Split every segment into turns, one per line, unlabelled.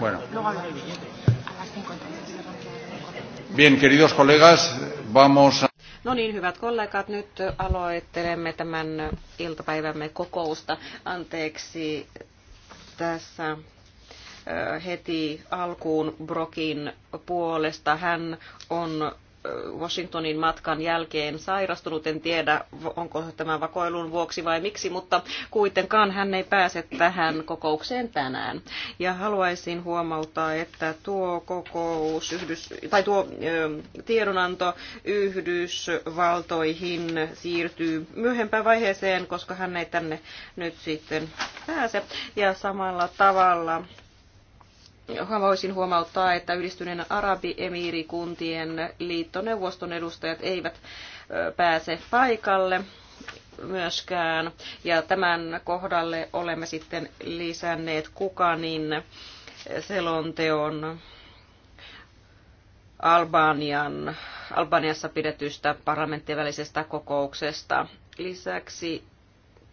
Bueno.
Bien, queridos colegas, vamos a...
No niin, hyvät kollegat, nyt aloittelemme tämän iltapäivämme kokousta. Anteeksi tässä heti alkuun Brokin puolesta. Hän on Washingtonin matkan jälkeen sairastunut. En tiedä, onko tämä vakoilun vuoksi vai miksi, mutta kuitenkaan hän ei pääse tähän kokoukseen tänään. Ja haluaisin huomauttaa, että tuo kokous, Yhdys, tai tuo tiedonanto Yhdysvaltoihin siirtyy myöhempään vaiheeseen, koska hän ei tänne nyt sitten pääse. Ja samalla tavalla Haluaisin huomauttaa, että yhdistyneen Arabiemiirikuntien liittoneuvoston edustajat eivät pääse paikalle myöskään. Ja tämän kohdalle olemme sitten lisänneet Kukanin selonteon Albanian, Albaniassa pidetystä parlamenttien kokouksesta. Lisäksi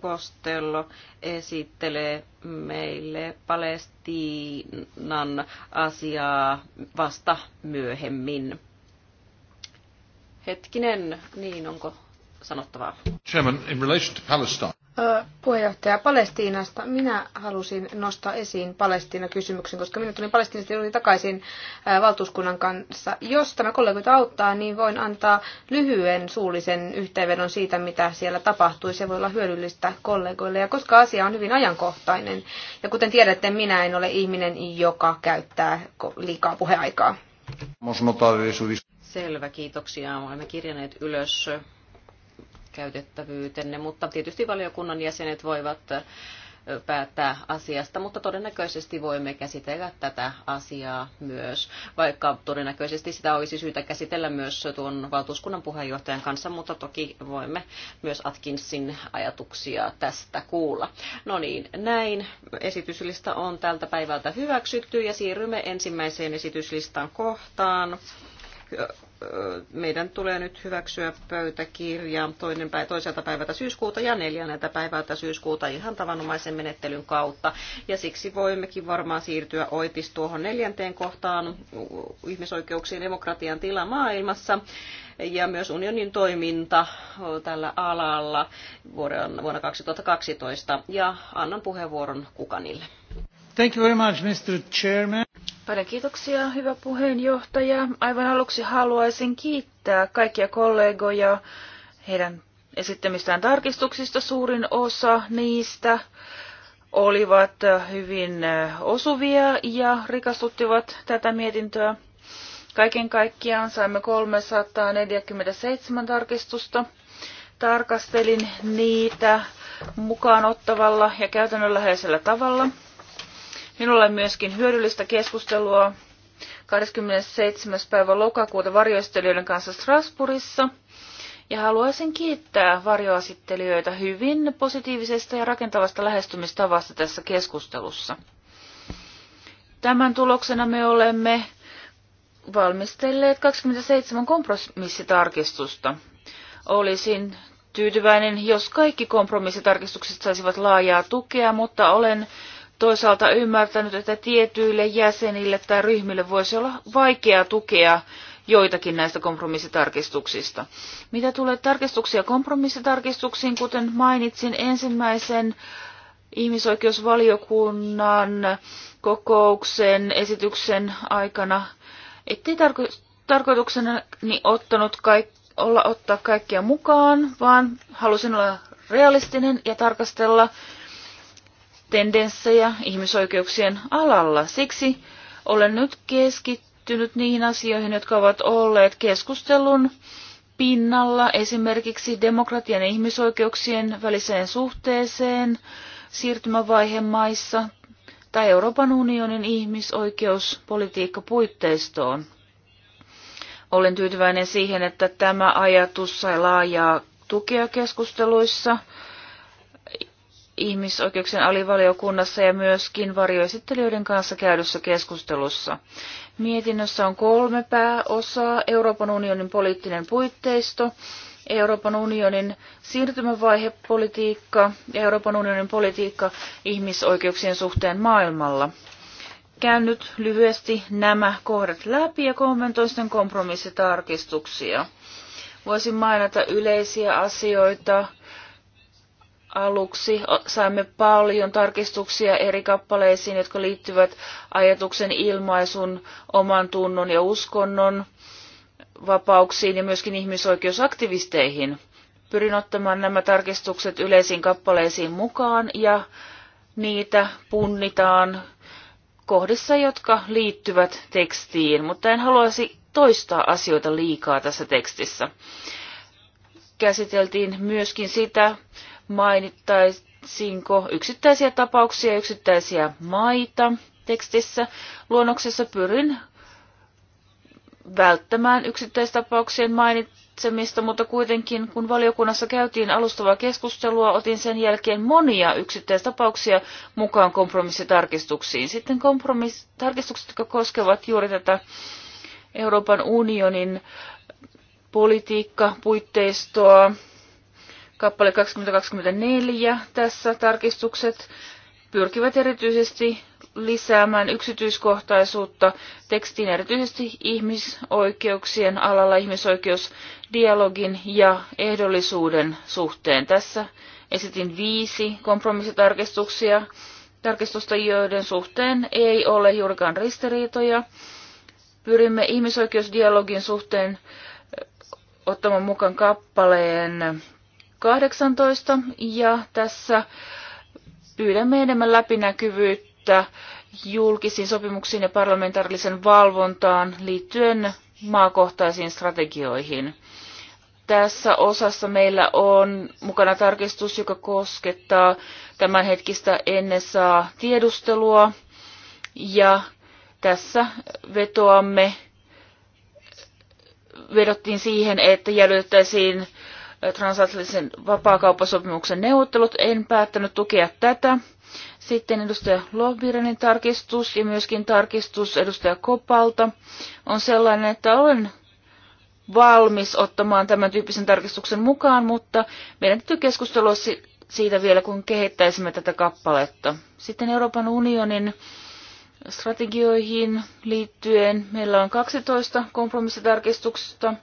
Kostello esittelee meille Palestiinan asiaa vasta myöhemmin.
Hetkinen, niin onko sanottavaa?
Chairman, in relation to Palestine
puheenjohtaja Palestiinasta. Minä halusin nostaa esiin Palestiina-kysymyksen, koska minä tulin Palestiinasta juuri takaisin valtuuskunnan kanssa. Jos tämä kollegoita auttaa, niin voin antaa lyhyen suullisen yhteenvedon siitä, mitä siellä tapahtui. Se voi olla hyödyllistä kollegoille, ja koska asia on hyvin ajankohtainen. Ja kuten tiedätte, minä en ole ihminen, joka käyttää liikaa puheaikaa. Selvä,
kiitoksia. Olemme kirjanneet ylös käytettävyytenne, mutta tietysti valiokunnan jäsenet voivat päättää asiasta, mutta todennäköisesti voimme käsitellä tätä asiaa myös, vaikka todennäköisesti sitä olisi syytä käsitellä myös tuon valtuuskunnan puheenjohtajan kanssa, mutta toki voimme myös Atkinsin ajatuksia tästä kuulla. No niin, näin esityslista on tältä päivältä hyväksytty ja siirrymme ensimmäiseen esityslistan kohtaan meidän tulee nyt hyväksyä pöytäkirja toinen päivä, toiselta päivältä syyskuuta ja neljänneltä päivältä syyskuuta ihan tavanomaisen menettelyn kautta. Ja siksi voimmekin varmaan siirtyä oitis tuohon neljänteen kohtaan ihmisoikeuksien demokratian tila maailmassa ja myös unionin toiminta tällä alalla vuonna 2012. Ja annan puheenvuoron Kukanille.
Thank you very much, Mr.
Chairman. Paljon kiitoksia, hyvä puheenjohtaja. Aivan aluksi haluaisin kiittää kaikkia kollegoja heidän esittämistään tarkistuksista. Suurin osa niistä olivat hyvin osuvia ja rikastuttivat tätä mietintöä. Kaiken kaikkiaan saimme 347 tarkistusta. Tarkastelin niitä mukaan ottavalla ja käytännönläheisellä tavalla. Minulla on myöskin hyödyllistä keskustelua 27. päivä lokakuuta varjoistelijoiden kanssa Strasbourgissa. Ja haluaisin kiittää varjoasittelijoita hyvin positiivisesta ja rakentavasta lähestymistavasta tässä keskustelussa. Tämän tuloksena me olemme valmistelleet 27 kompromissitarkistusta. Olisin tyytyväinen, jos kaikki kompromissitarkistukset saisivat laajaa tukea, mutta olen toisaalta ymmärtänyt, että tietyille jäsenille tai ryhmille voisi olla vaikea tukea joitakin näistä kompromissitarkistuksista. Mitä tulee tarkistuksia kompromissitarkistuksiin, kuten mainitsin ensimmäisen ihmisoikeusvaliokunnan kokouksen esityksen aikana, ettei tarko- tarkoituksena ottanut kaik- olla ottaa kaikkia mukaan, vaan halusin olla realistinen ja tarkastella tendenssejä ihmisoikeuksien alalla. Siksi olen nyt keskittynyt niihin asioihin, jotka ovat olleet keskustelun pinnalla, esimerkiksi demokratian ja ihmisoikeuksien väliseen suhteeseen siirtymävaihemaissa tai Euroopan unionin ihmisoikeuspolitiikka puitteistoon. Olen tyytyväinen siihen, että tämä ajatus sai laajaa tukea keskusteluissa – ihmisoikeuksien alivaliokunnassa ja myöskin varjoesittelijöiden kanssa käydyssä keskustelussa. Mietinnössä on kolme pääosaa, Euroopan unionin poliittinen puitteisto, Euroopan unionin siirtymävaihepolitiikka ja Euroopan unionin politiikka ihmisoikeuksien suhteen maailmalla. Käyn nyt lyhyesti nämä kohdat läpi ja kommentoin sitten kompromissitarkistuksia. Voisin mainita yleisiä asioita, aluksi saimme paljon tarkistuksia eri kappaleisiin, jotka liittyvät ajatuksen ilmaisun, oman tunnon ja uskonnon vapauksiin ja myöskin ihmisoikeusaktivisteihin. Pyrin ottamaan nämä tarkistukset yleisiin kappaleisiin mukaan ja niitä punnitaan kohdissa, jotka liittyvät tekstiin, mutta en haluaisi toistaa asioita liikaa tässä tekstissä. Käsiteltiin myöskin sitä, mainittaisinko yksittäisiä tapauksia, yksittäisiä maita tekstissä. Luonnoksessa pyrin välttämään yksittäistapauksien mainitsemista, mutta kuitenkin kun valiokunnassa käytiin alustavaa keskustelua, otin sen jälkeen monia yksittäistapauksia mukaan kompromissitarkistuksiin. Sitten kompromissitarkistukset, jotka koskevat juuri tätä Euroopan unionin politiikka, puitteistoa, kappale 2024. Tässä tarkistukset pyrkivät erityisesti lisäämään yksityiskohtaisuutta tekstiin erityisesti ihmisoikeuksien alalla ihmisoikeusdialogin ja ehdollisuuden suhteen. Tässä esitin viisi kompromissitarkistuksia, tarkistusta joiden suhteen ei ole juurikaan ristiriitoja. Pyrimme ihmisoikeusdialogin suhteen ottamaan mukaan kappaleen 18 ja tässä pyydämme enemmän läpinäkyvyyttä julkisiin sopimuksiin ja parlamentaarisen valvontaan liittyen maakohtaisiin strategioihin. Tässä osassa meillä on mukana tarkistus, joka koskettaa tämänhetkistä NSA-tiedustelua ja tässä vetoamme vedottiin siihen, että jäljitettäisiin transatlantisen vapaakauppasopimuksen neuvottelut. En päättänyt tukea tätä. Sitten edustaja Lohbirenin tarkistus ja myöskin tarkistus edustaja Kopalta on sellainen, että olen valmis ottamaan tämän tyyppisen tarkistuksen mukaan, mutta meidän täytyy keskustella siitä vielä, kun kehittäisimme tätä kappaletta. Sitten Euroopan unionin strategioihin liittyen meillä on 12 kompromissitarkistusta,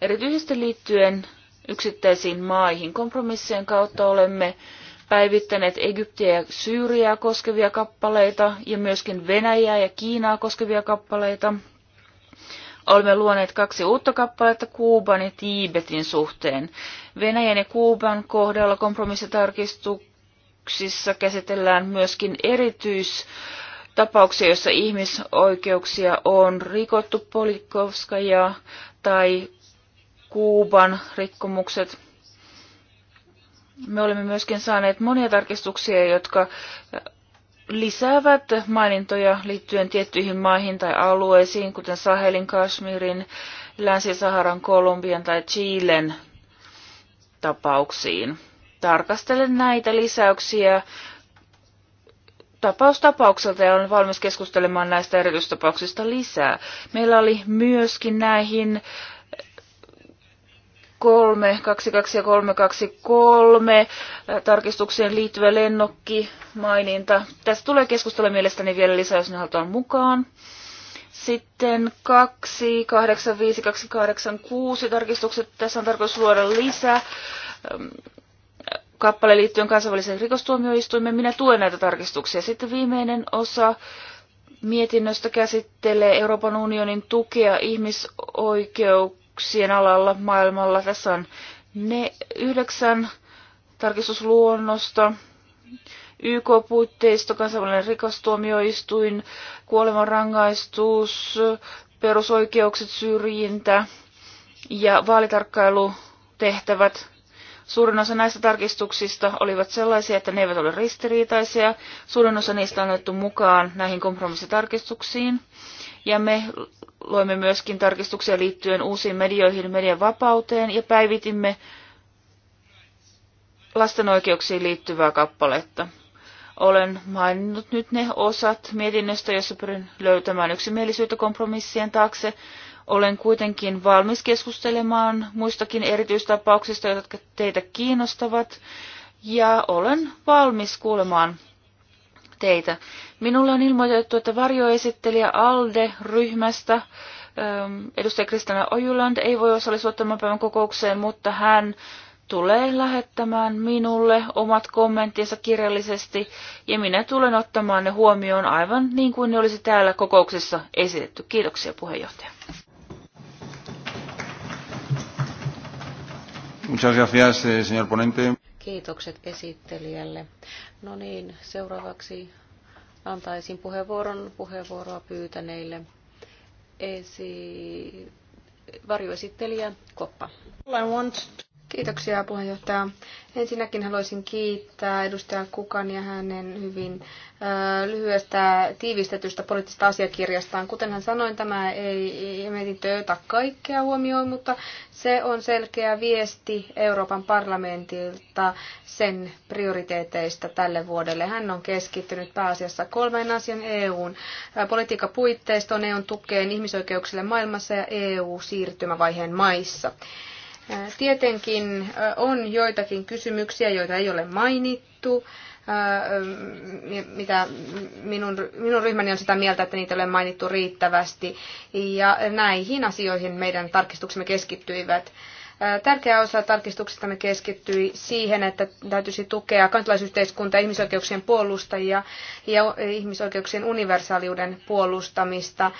erityisesti liittyen yksittäisiin maihin. Kompromissien kautta olemme päivittäneet Egyptiä ja Syyriaa koskevia kappaleita ja myöskin Venäjää ja Kiinaa koskevia kappaleita. Olemme luoneet kaksi uutta kappaletta Kuuban ja Tiibetin suhteen. Venäjän ja Kuuban kohdalla kompromissitarkistuksissa käsitellään myöskin erityis tapauksia, joissa ihmisoikeuksia on rikottu Polikovskaja tai Kuuban rikkomukset. Me olemme myöskin saaneet monia tarkistuksia, jotka lisäävät mainintoja liittyen tiettyihin maihin tai alueisiin, kuten Sahelin, Kashmirin, Länsi-Saharan, Kolumbian tai Chilen tapauksiin. Tarkastelen näitä lisäyksiä tapaustapaukselta ja olen valmis keskustelemaan näistä erityistapauksista lisää. Meillä oli myöskin näihin 3, 22 ja 323 tarkistukseen liittyvä lennokki maininta. Tästä tulee keskustella mielestäni vielä lisää, jos ne halutaan mukaan. Sitten 2, 8, 5, 2, 8, 6 tarkistukset. Tässä on tarkoitus luoda lisää kappale liittyen kansainväliseen rikostuomioistuimeen. Minä tuen näitä tarkistuksia. Sitten viimeinen osa mietinnöstä käsittelee Euroopan unionin tukea ihmisoikeuksia tarkistuksien alalla maailmalla. Tässä on ne yhdeksän tarkistusluonnosta, YK-puitteisto, kansainvälinen rikostuomioistuin, kuolemanrangaistus, perusoikeukset, syrjintä ja vaalitarkkailutehtävät. Suurin osa näistä tarkistuksista olivat sellaisia, että ne eivät ole ristiriitaisia. Suurin osa niistä on otettu mukaan näihin kompromissitarkistuksiin ja me loimme myöskin tarkistuksia liittyen uusiin medioihin, median vapauteen ja päivitimme lasten oikeuksiin liittyvää kappaletta. Olen maininnut nyt ne osat mietinnöstä, jossa pyrin löytämään yksimielisyyttä kompromissien taakse. Olen kuitenkin valmis keskustelemaan muistakin erityistapauksista, jotka teitä kiinnostavat, ja olen valmis kuulemaan teitä. Minulle on ilmoitettu, että varjoesittelijä ALDE-ryhmästä ähm, edustaja Kristina Ojuland ei voi osallistua tämän päivän kokoukseen, mutta hän tulee lähettämään minulle omat kommenttinsa kirjallisesti ja minä tulen ottamaan ne huomioon aivan niin kuin ne olisi täällä kokouksessa esitetty. Kiitoksia puheenjohtaja.
Muchas gracias, eh, señor ponente.
Kiitokset
esittelijälle. No niin, seuraavaksi antaisin puheenvuoron puheenvuoroa pyytäneille. Esi... Varjoesittelijä
Koppa. I want Kiitoksia puheenjohtaja. Ensinnäkin haluaisin kiittää edustaja Kukan ja hänen hyvin ö, lyhyestä tiivistetystä poliittisesta asiakirjastaan. Kuten hän sanoi, tämä ei, ei mietintö ota kaikkea huomioon, mutta se on selkeä viesti Euroopan parlamentilta sen prioriteeteista tälle vuodelle. Hän on keskittynyt pääasiassa kolmeen asian EUn politiikkapuitteistoon, EUn tukeen ihmisoikeuksille maailmassa ja EU-siirtymävaiheen maissa. Tietenkin on joitakin kysymyksiä, joita ei ole mainittu mitä minun, minun ryhmäni on sitä mieltä, että niitä ei ole mainittu riittävästi. Ja näihin asioihin meidän tarkistuksemme keskittyivät. Tärkeä osa tarkistuksistamme keskittyi siihen, että täytyisi tukea kansalaisyhteiskuntaa, ihmisoikeuksien puolustajia ja ihmisoikeuksien universaaliuden puolustamista.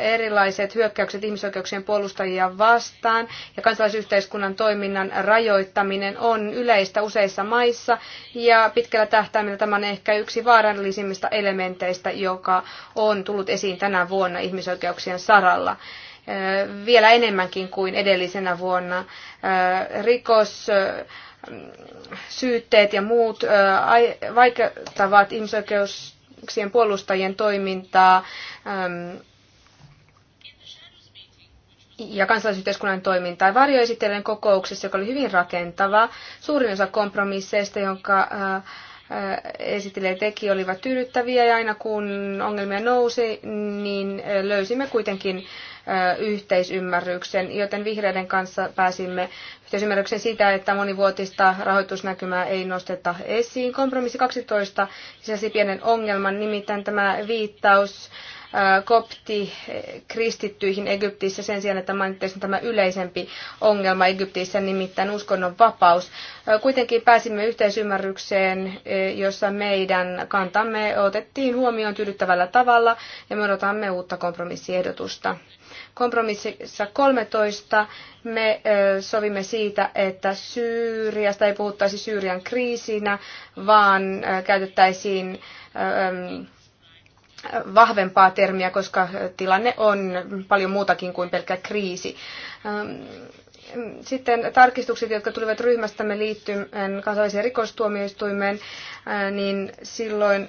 Erilaiset hyökkäykset ihmisoikeuksien puolustajia vastaan ja kansalaisyhteiskunnan toiminnan rajoittaminen on yleistä useissa maissa ja pitkällä tähtäimellä tämä on ehkä yksi vaarallisimmista elementeistä, joka on tullut esiin tänä vuonna ihmisoikeuksien saralla vielä enemmänkin kuin edellisenä vuonna. Rikos, syytteet ja muut vaikuttavat ihmisoikeuksien puolustajien toimintaa ja kansalaisyhteiskunnan toimintaa. Varjoesittelijän kokouksessa, joka oli hyvin rakentava, suurin osa kompromisseista, jonka esittelijä teki, olivat tyydyttäviä ja aina kun ongelmia nousi, niin löysimme kuitenkin yhteisymmärryksen, joten vihreiden kanssa pääsimme yhteisymmärryksen siitä, että monivuotista rahoitusnäkymää ei nosteta esiin. Kompromissi 12 sisälsi pienen ongelman, nimittäin tämä viittaus kopti kristittyihin Egyptissä sen sijaan, että mainittaisin tämä yleisempi ongelma Egyptissä, nimittäin uskonnon vapaus. Kuitenkin pääsimme yhteisymmärrykseen, jossa meidän kantamme otettiin huomioon tyydyttävällä tavalla ja me odotamme uutta kompromissiehdotusta. Kompromississa 13 me sovimme siitä, että Syyriasta ei puhuttaisi Syyrian kriisinä, vaan käytettäisiin vahvempaa termiä, koska tilanne on paljon muutakin kuin pelkkä kriisi. Sitten tarkistukset, jotka tulivat ryhmästämme liittyen kansalliseen rikostuomioistuimeen, niin silloin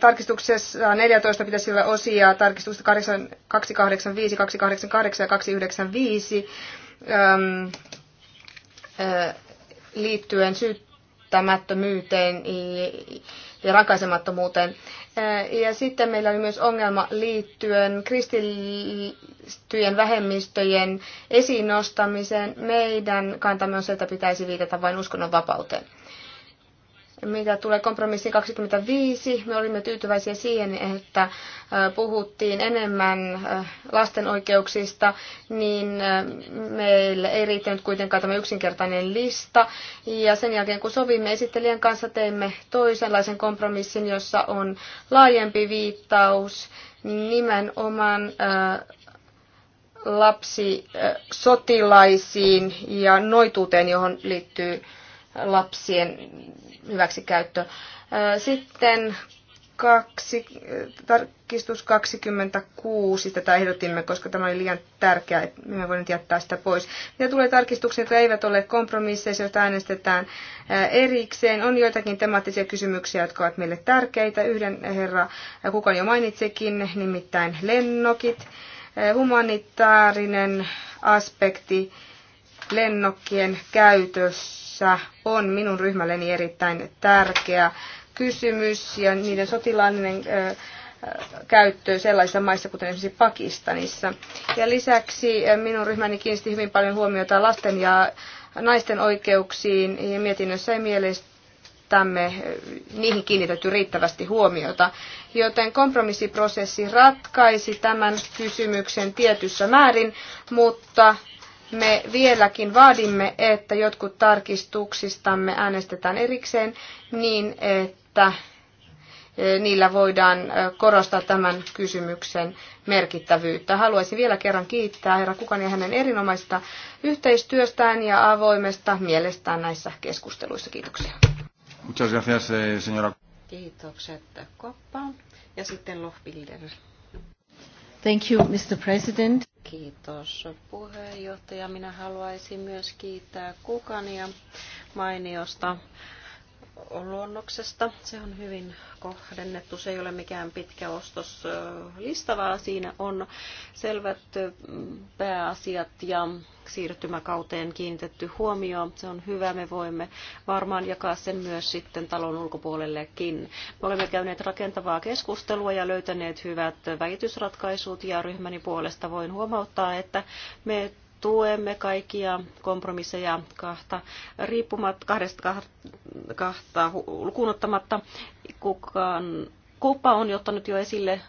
tarkistuksessa 14 pitäisi olla osia tarkistusta 285, 288 ja 295 äm, äh, liittyen syyttämättömyyteen ja rankaisemattomuuteen. Äh, ja sitten meillä oli myös ongelma liittyen kristittyjen vähemmistöjen esiin nostamiseen. Meidän kantamme on se, että pitäisi viitata vain uskonnonvapauteen. Mitä tulee kompromissiin 25, me olimme tyytyväisiä siihen, että puhuttiin enemmän lasten oikeuksista, niin meille ei riittänyt kuitenkaan tämä yksinkertainen lista. Ja sen jälkeen kun sovimme esittelijän kanssa, teimme toisenlaisen kompromissin, jossa on laajempi viittaus nimenomaan lapsi sotilaisiin ja noituuteen, johon liittyy lapsien hyväksikäyttö. Sitten kaksi, tarkistus 26, tätä ehdotimme, koska tämä oli liian tärkeä, että me voin jättää sitä pois. Ja tulee tarkistuksia, jotka eivät ole kompromisseja, joita äänestetään erikseen. On joitakin temaattisia kysymyksiä, jotka ovat meille tärkeitä. Yhden herra, kukaan jo mainitsikin, nimittäin lennokit. Humanitaarinen aspekti lennokkien käytössä Kyseessä on minun ryhmälleni erittäin tärkeä kysymys ja niiden sotilaallinen käyttö sellaisissa maissa kuten esimerkiksi Pakistanissa. Ja lisäksi minun ryhmäni kiinnitti hyvin paljon huomiota lasten ja naisten oikeuksiin ja mietinnössä ei mielestämme niihin kiinnitetty riittävästi huomiota. Joten kompromissiprosessi ratkaisi tämän kysymyksen tietyssä määrin, mutta me vieläkin vaadimme, että jotkut tarkistuksistamme äänestetään erikseen niin, että e, niillä voidaan e, korostaa tämän kysymyksen merkittävyyttä. Haluaisin vielä kerran kiittää herra Kukan ja hänen erinomaista yhteistyöstään ja avoimesta mielestään näissä keskusteluissa. Kiitoksia.
Muchas gracias, eh, señora.
Kiitokset Koppa Ja sitten Lohbilder. Thank you, Mr. President. Kiitos puheenjohtaja. Minä haluaisin myös kiittää Kukania mainiosta luonnoksesta. Se on hyvin kohdennettu, se ei ole mikään pitkä ostoslista, vaan siinä on selvät pääasiat ja siirtymäkauteen kiinnitetty huomio. Se on hyvä, me voimme varmaan jakaa sen myös sitten talon ulkopuolellekin. Me olemme käyneet rakentavaa keskustelua ja löytäneet hyvät väitysratkaisut ja ryhmäni puolesta voin huomauttaa, että me tuemme kaikkia kompromisseja kahta, riippumatta kahdesta kahta lukunottamatta. Kukaan, kuppa on ottanut jo esille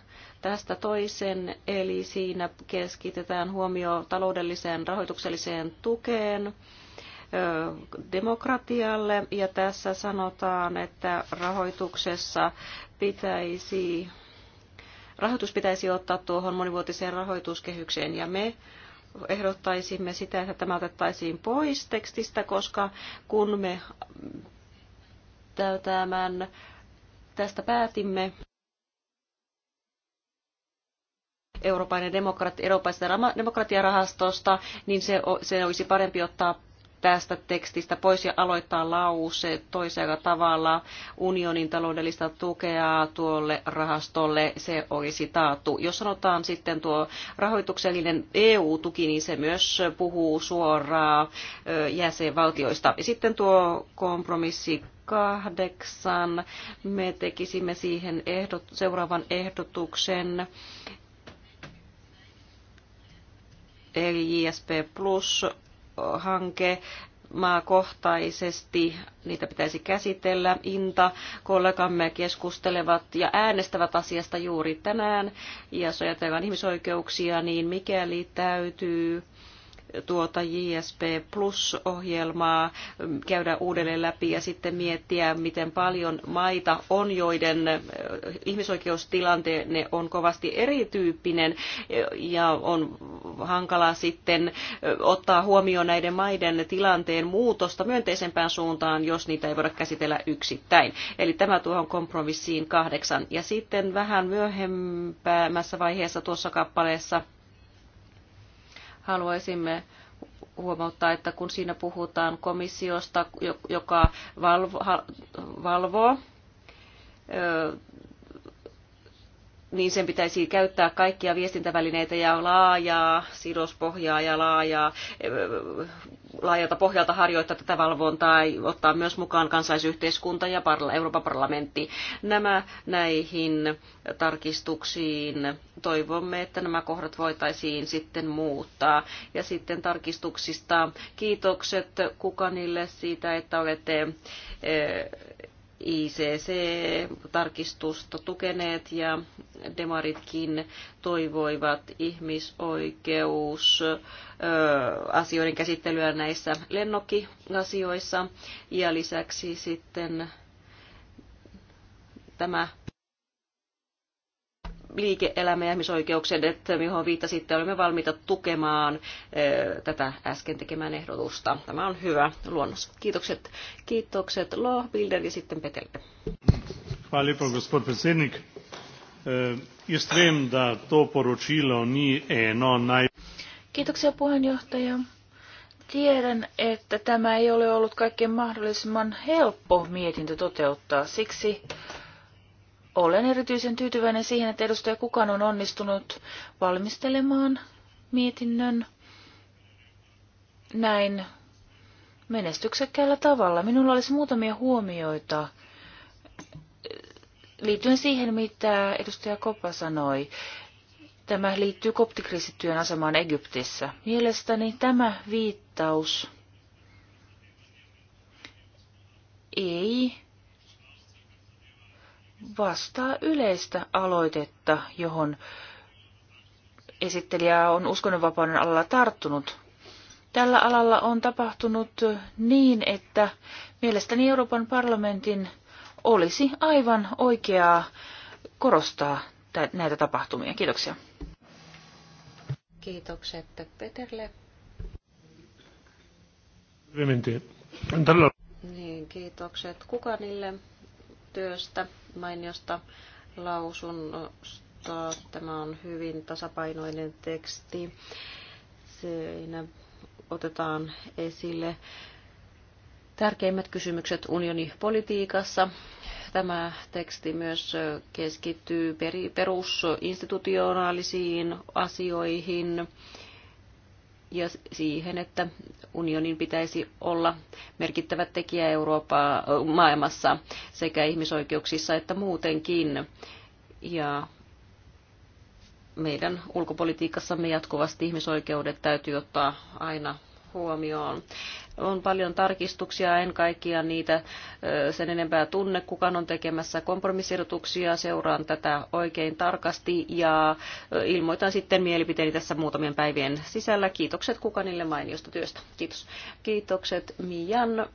tästä toisen, eli siinä keskitetään huomio taloudelliseen rahoitukselliseen tukeen demokratialle ja tässä sanotaan, että rahoituksessa pitäisi, rahoitus pitäisi ottaa tuohon monivuotiseen rahoituskehykseen ja me ehdottaisimme sitä, että tämä otettaisiin pois tekstistä, koska kun me tämän, tästä päätimme, Euroopan demokratiarahastosta, niin se, se olisi parempi ottaa tästä tekstistä pois ja aloittaa lause toisella tavalla unionin taloudellista tukea tuolle rahastolle, se olisi taattu. Jos sanotaan sitten tuo rahoituksellinen EU-tuki, niin se myös puhuu suoraan jäsenvaltioista. Sitten tuo kompromissi kahdeksan. Me tekisimme siihen ehdot, seuraavan ehdotuksen. Eli JSP Plus hanke maakohtaisesti, niitä pitäisi käsitellä. Inta, kollegamme keskustelevat ja äänestävät asiasta juuri tänään, ja jos ajatellaan ihmisoikeuksia, niin mikäli täytyy tuota JSP Plus-ohjelmaa mm, käydä uudelleen läpi ja sitten miettiä, miten paljon maita on, joiden ihmisoikeustilanteenne on kovasti erityyppinen ja on hankala sitten ottaa huomioon näiden maiden tilanteen muutosta myönteisempään suuntaan, jos niitä ei voida käsitellä yksittäin. Eli tämä tuohon kompromissiin kahdeksan. Ja sitten vähän myöhemmässä vaiheessa tuossa kappaleessa haluaisimme huomauttaa, että kun siinä puhutaan komissiosta, joka valvo, valvoo, niin sen pitäisi käyttää kaikkia viestintävälineitä ja laajaa sidospohjaa ja laajaa laajalta pohjalta harjoittaa tätä valvontaa ja ottaa myös mukaan kansaisyhteiskunta ja Euroopan parlamentti. Nämä näihin tarkistuksiin toivomme, että nämä kohdat voitaisiin sitten muuttaa. Ja sitten tarkistuksista kiitokset Kukanille siitä, että olette eh, ICC-tarkistusta tukeneet ja demaritkin toivoivat ihmisoikeus asioiden käsittelyä näissä lennokkiasioissa ja lisäksi sitten tämä liike-elämä ja ihmisoikeuksien, että johon viittasitte, olemme valmiita tukemaan eh, tätä äsken tekemään ehdotusta. Tämä on hyvä luonnos. Kiitokset, kiitokset Bilder
ja sitten Petelle.
Hvala gospod predsednik. Eh, jaz vem, da to poročilo ni eno naj...
Kiitoksia puheenjohtaja. Tiedän, että tämä ei ole ollut kaikkein mahdollisimman helppo mietintö toteuttaa. Siksi olen erityisen tyytyväinen siihen, että edustaja Kukan on onnistunut valmistelemaan mietinnön näin menestyksekkäällä tavalla. Minulla olisi muutamia huomioita liittyen siihen, mitä edustaja Koppa sanoi. Tämä liittyy koptikriisityön asemaan Egyptissä. Mielestäni tämä viittaus ei vastaa yleistä aloitetta, johon esittelijä on uskonnonvapauden alalla tarttunut. Tällä alalla on tapahtunut niin, että mielestäni Euroopan parlamentin olisi aivan oikeaa korostaa näitä tapahtumia. Kiitoksia. Kiitokset Peterle. Niin, kiitokset
Kukanille työstä mainiosta lausunnosta. Tämä on hyvin tasapainoinen teksti. Siinä otetaan esille tärkeimmät kysymykset unionipolitiikassa. Tämä teksti myös keskittyy perusinstitutionaalisiin asioihin ja siihen, että unionin pitäisi olla merkittävä tekijä Eurooppaa, maailmassa sekä ihmisoikeuksissa että muutenkin. Ja meidän ulkopolitiikassamme jatkuvasti ihmisoikeudet täytyy ottaa aina huomioon. On paljon tarkistuksia, en kaikkia niitä sen enempää tunne, kukaan on tekemässä kompromissirjoituksia, seuraan tätä oikein tarkasti ja ilmoitan sitten mielipiteeni tässä muutamien päivien sisällä. Kiitokset kukanille mainiosta työstä. Kiitos. Kiitokset Mian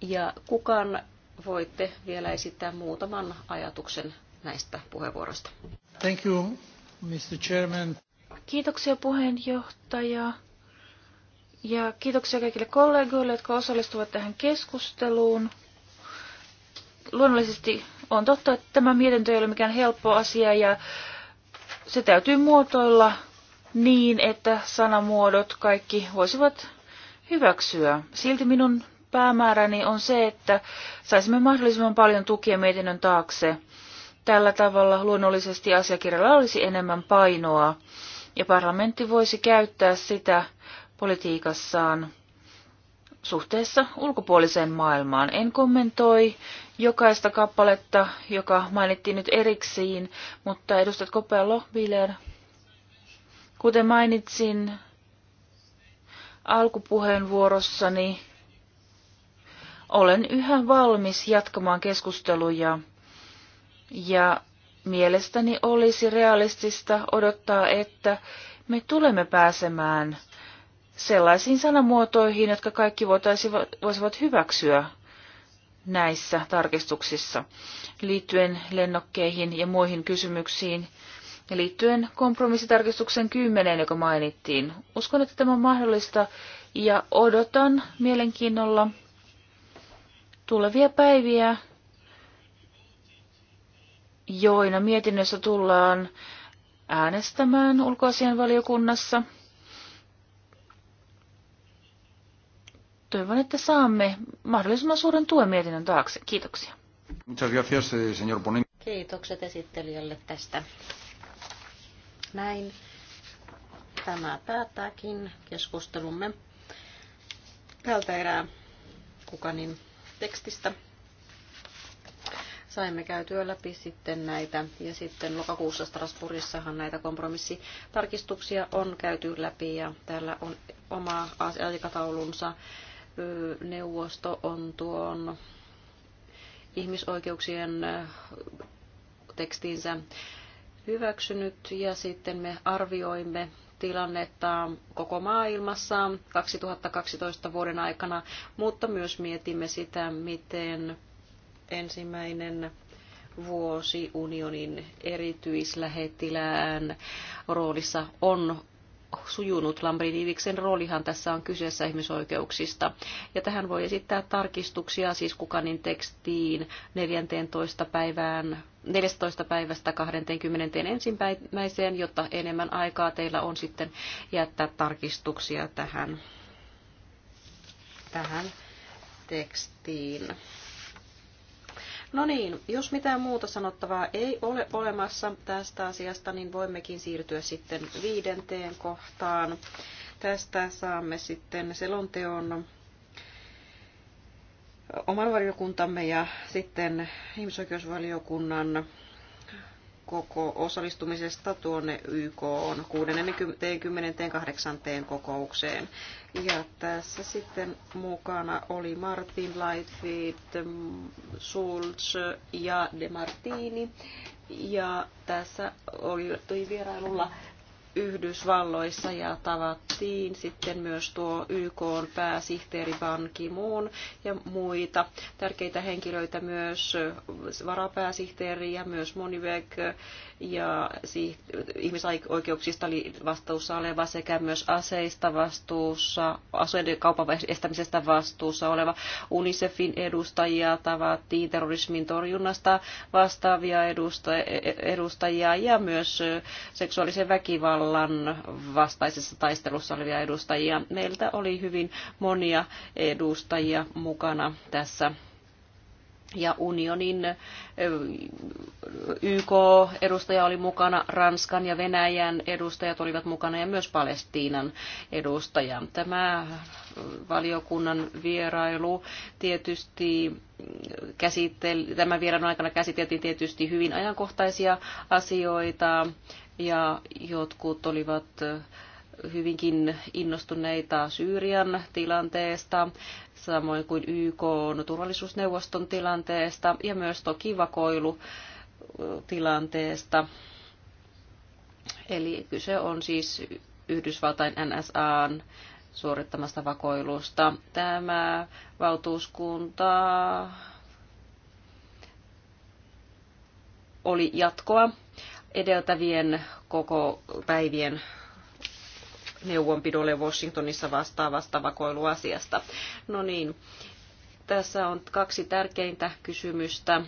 ja kukan voitte vielä esittää muutaman ajatuksen näistä puheenvuoroista.
Thank you, Mr. Chairman. Kiitoksia puheenjohtaja. Ja kiitoksia kaikille kollegoille, jotka osallistuvat tähän keskusteluun. Luonnollisesti on totta, että tämä mietintö ei ole mikään helppo asia ja se täytyy muotoilla niin, että sanamuodot kaikki voisivat hyväksyä. Silti minun päämääräni on se, että saisimme mahdollisimman paljon tukia mietinnön taakse. Tällä tavalla luonnollisesti asiakirjalla olisi enemmän painoa ja parlamentti voisi käyttää sitä politiikassaan suhteessa ulkopuoliseen maailmaan. En kommentoi jokaista kappaletta, joka mainittiin nyt eriksiin, mutta edustat Kopea Lohbiler, kuten mainitsin alkupuheenvuorossani, olen yhä valmis jatkamaan keskusteluja ja mielestäni olisi realistista odottaa, että me tulemme pääsemään sellaisiin sanamuotoihin, jotka kaikki voisivat hyväksyä näissä tarkistuksissa liittyen lennokkeihin ja muihin kysymyksiin ja liittyen kompromissitarkistuksen 10, joka mainittiin. Uskon, että tämä on mahdollista ja odotan mielenkiinnolla tulevia päiviä, joina mietinnössä tullaan äänestämään ulkoasianvaliokunnassa. valiokunnassa. toivon, että saamme mahdollisimman suuren tuen mietinnön taakse. Kiitoksia.
Eh,
Kiitokset
esittelijälle tästä. Näin tämä päättääkin keskustelumme tältä erää Kukanin tekstistä. Saimme käytyä läpi sitten näitä ja sitten lokakuussa Strasbourgissahan näitä kompromissitarkistuksia on käyty läpi ja täällä on oma aikataulunsa neuvosto on tuon ihmisoikeuksien tekstinsä hyväksynyt ja sitten me arvioimme tilannetta koko maailmassa 2012 vuoden aikana, mutta myös mietimme sitä, miten ensimmäinen vuosi unionin erityislähettilään roolissa on sujunut. Lambridiiviksen roolihan tässä on kyseessä ihmisoikeuksista. Ja tähän voi esittää tarkistuksia siis Kukanin tekstiin 14. päivään 14. päivästä 20. ensimmäiseen, jotta enemmän aikaa teillä on sitten jättää tarkistuksia tähän, tähän tekstiin. No niin, jos mitään muuta sanottavaa ei ole olemassa tästä asiasta, niin voimmekin siirtyä sitten viidenteen kohtaan. Tästä saamme sitten selonteon oman valiokuntamme ja sitten ihmisoikeusvaliokunnan koko osallistumisesta tuonne YK on 68. kokoukseen. Ja tässä sitten mukana oli Martin Lightfield, Schulz ja De Martini. Ja tässä oli vierailulla Yhdysvalloissa ja tavattiin sitten myös tuo YK pääsihteeri Ban Ki-moon ja muita tärkeitä henkilöitä myös varapääsihteeri ja myös Monivek ja ihmisoikeuksista oli vastuussa oleva sekä myös aseista vastuussa, aseiden kaupan estämisestä vastuussa oleva UNICEFin edustajia tavattiin terrorismin torjunnasta vastaavia e-, e-, edustajia ja myös seksuaalisen väkivallan väkivallan vastaisessa taistelussa olevia edustajia. Meiltä oli hyvin monia edustajia mukana tässä ja unionin YK-edustaja oli mukana, Ranskan ja Venäjän edustajat olivat mukana ja myös Palestiinan edustaja. Tämä valiokunnan vierailu tietysti käsitteli, tämän vierailun aikana käsiteltiin tietysti hyvin ajankohtaisia asioita ja jotkut olivat hyvinkin innostuneita Syyrian tilanteesta, samoin kuin YK turvallisuusneuvoston tilanteesta ja myös toki vakoilutilanteesta. Eli kyse on siis Yhdysvaltain NSAn suorittamasta vakoilusta. Tämä valtuuskunta oli jatkoa edeltävien koko päivien neuvonpidolle Washingtonissa vastaavasta vakoiluasiasta. No niin, tässä on kaksi tärkeintä kysymystä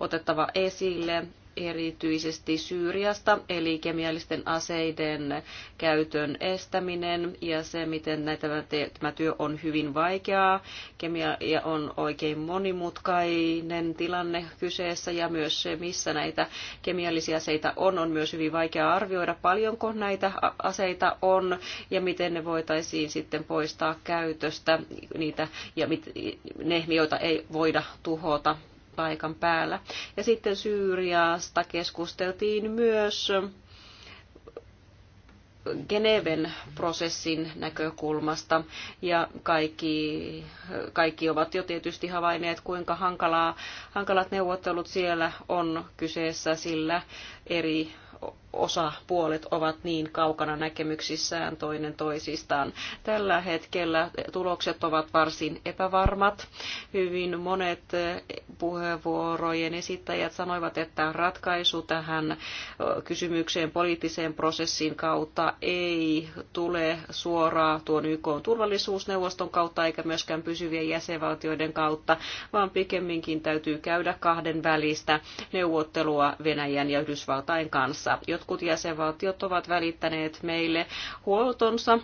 otettava esille erityisesti Syyriasta, eli kemiallisten aseiden käytön estäminen ja se, miten näitä, tämä työ on hyvin vaikeaa. Kemia ja on oikein monimutkainen tilanne kyseessä ja myös se, missä näitä kemiallisia aseita on, on myös hyvin vaikea arvioida, paljonko näitä aseita on ja miten ne voitaisiin sitten poistaa käytöstä niitä ja mit, ne, joita ei voida tuhota paikan päällä. Ja sitten Syyriasta keskusteltiin myös Geneven prosessin näkökulmasta ja kaikki, kaikki ovat jo tietysti havainneet, kuinka hankalaa, hankalat neuvottelut siellä on kyseessä, sillä eri osapuolet ovat niin kaukana näkemyksissään toinen toisistaan. Tällä hetkellä tulokset ovat varsin epävarmat. Hyvin monet puheenvuorojen esittäjät sanoivat, että ratkaisu tähän kysymykseen poliittiseen prosessin kautta ei tule suoraan tuon YK turvallisuusneuvoston kautta eikä myöskään pysyvien jäsenvaltioiden kautta, vaan pikemminkin täytyy käydä kahden välistä neuvottelua Venäjän ja Yhdysvaltain kanssa Jotkut jäsenvaltiot ovat välittäneet meille huoltonsa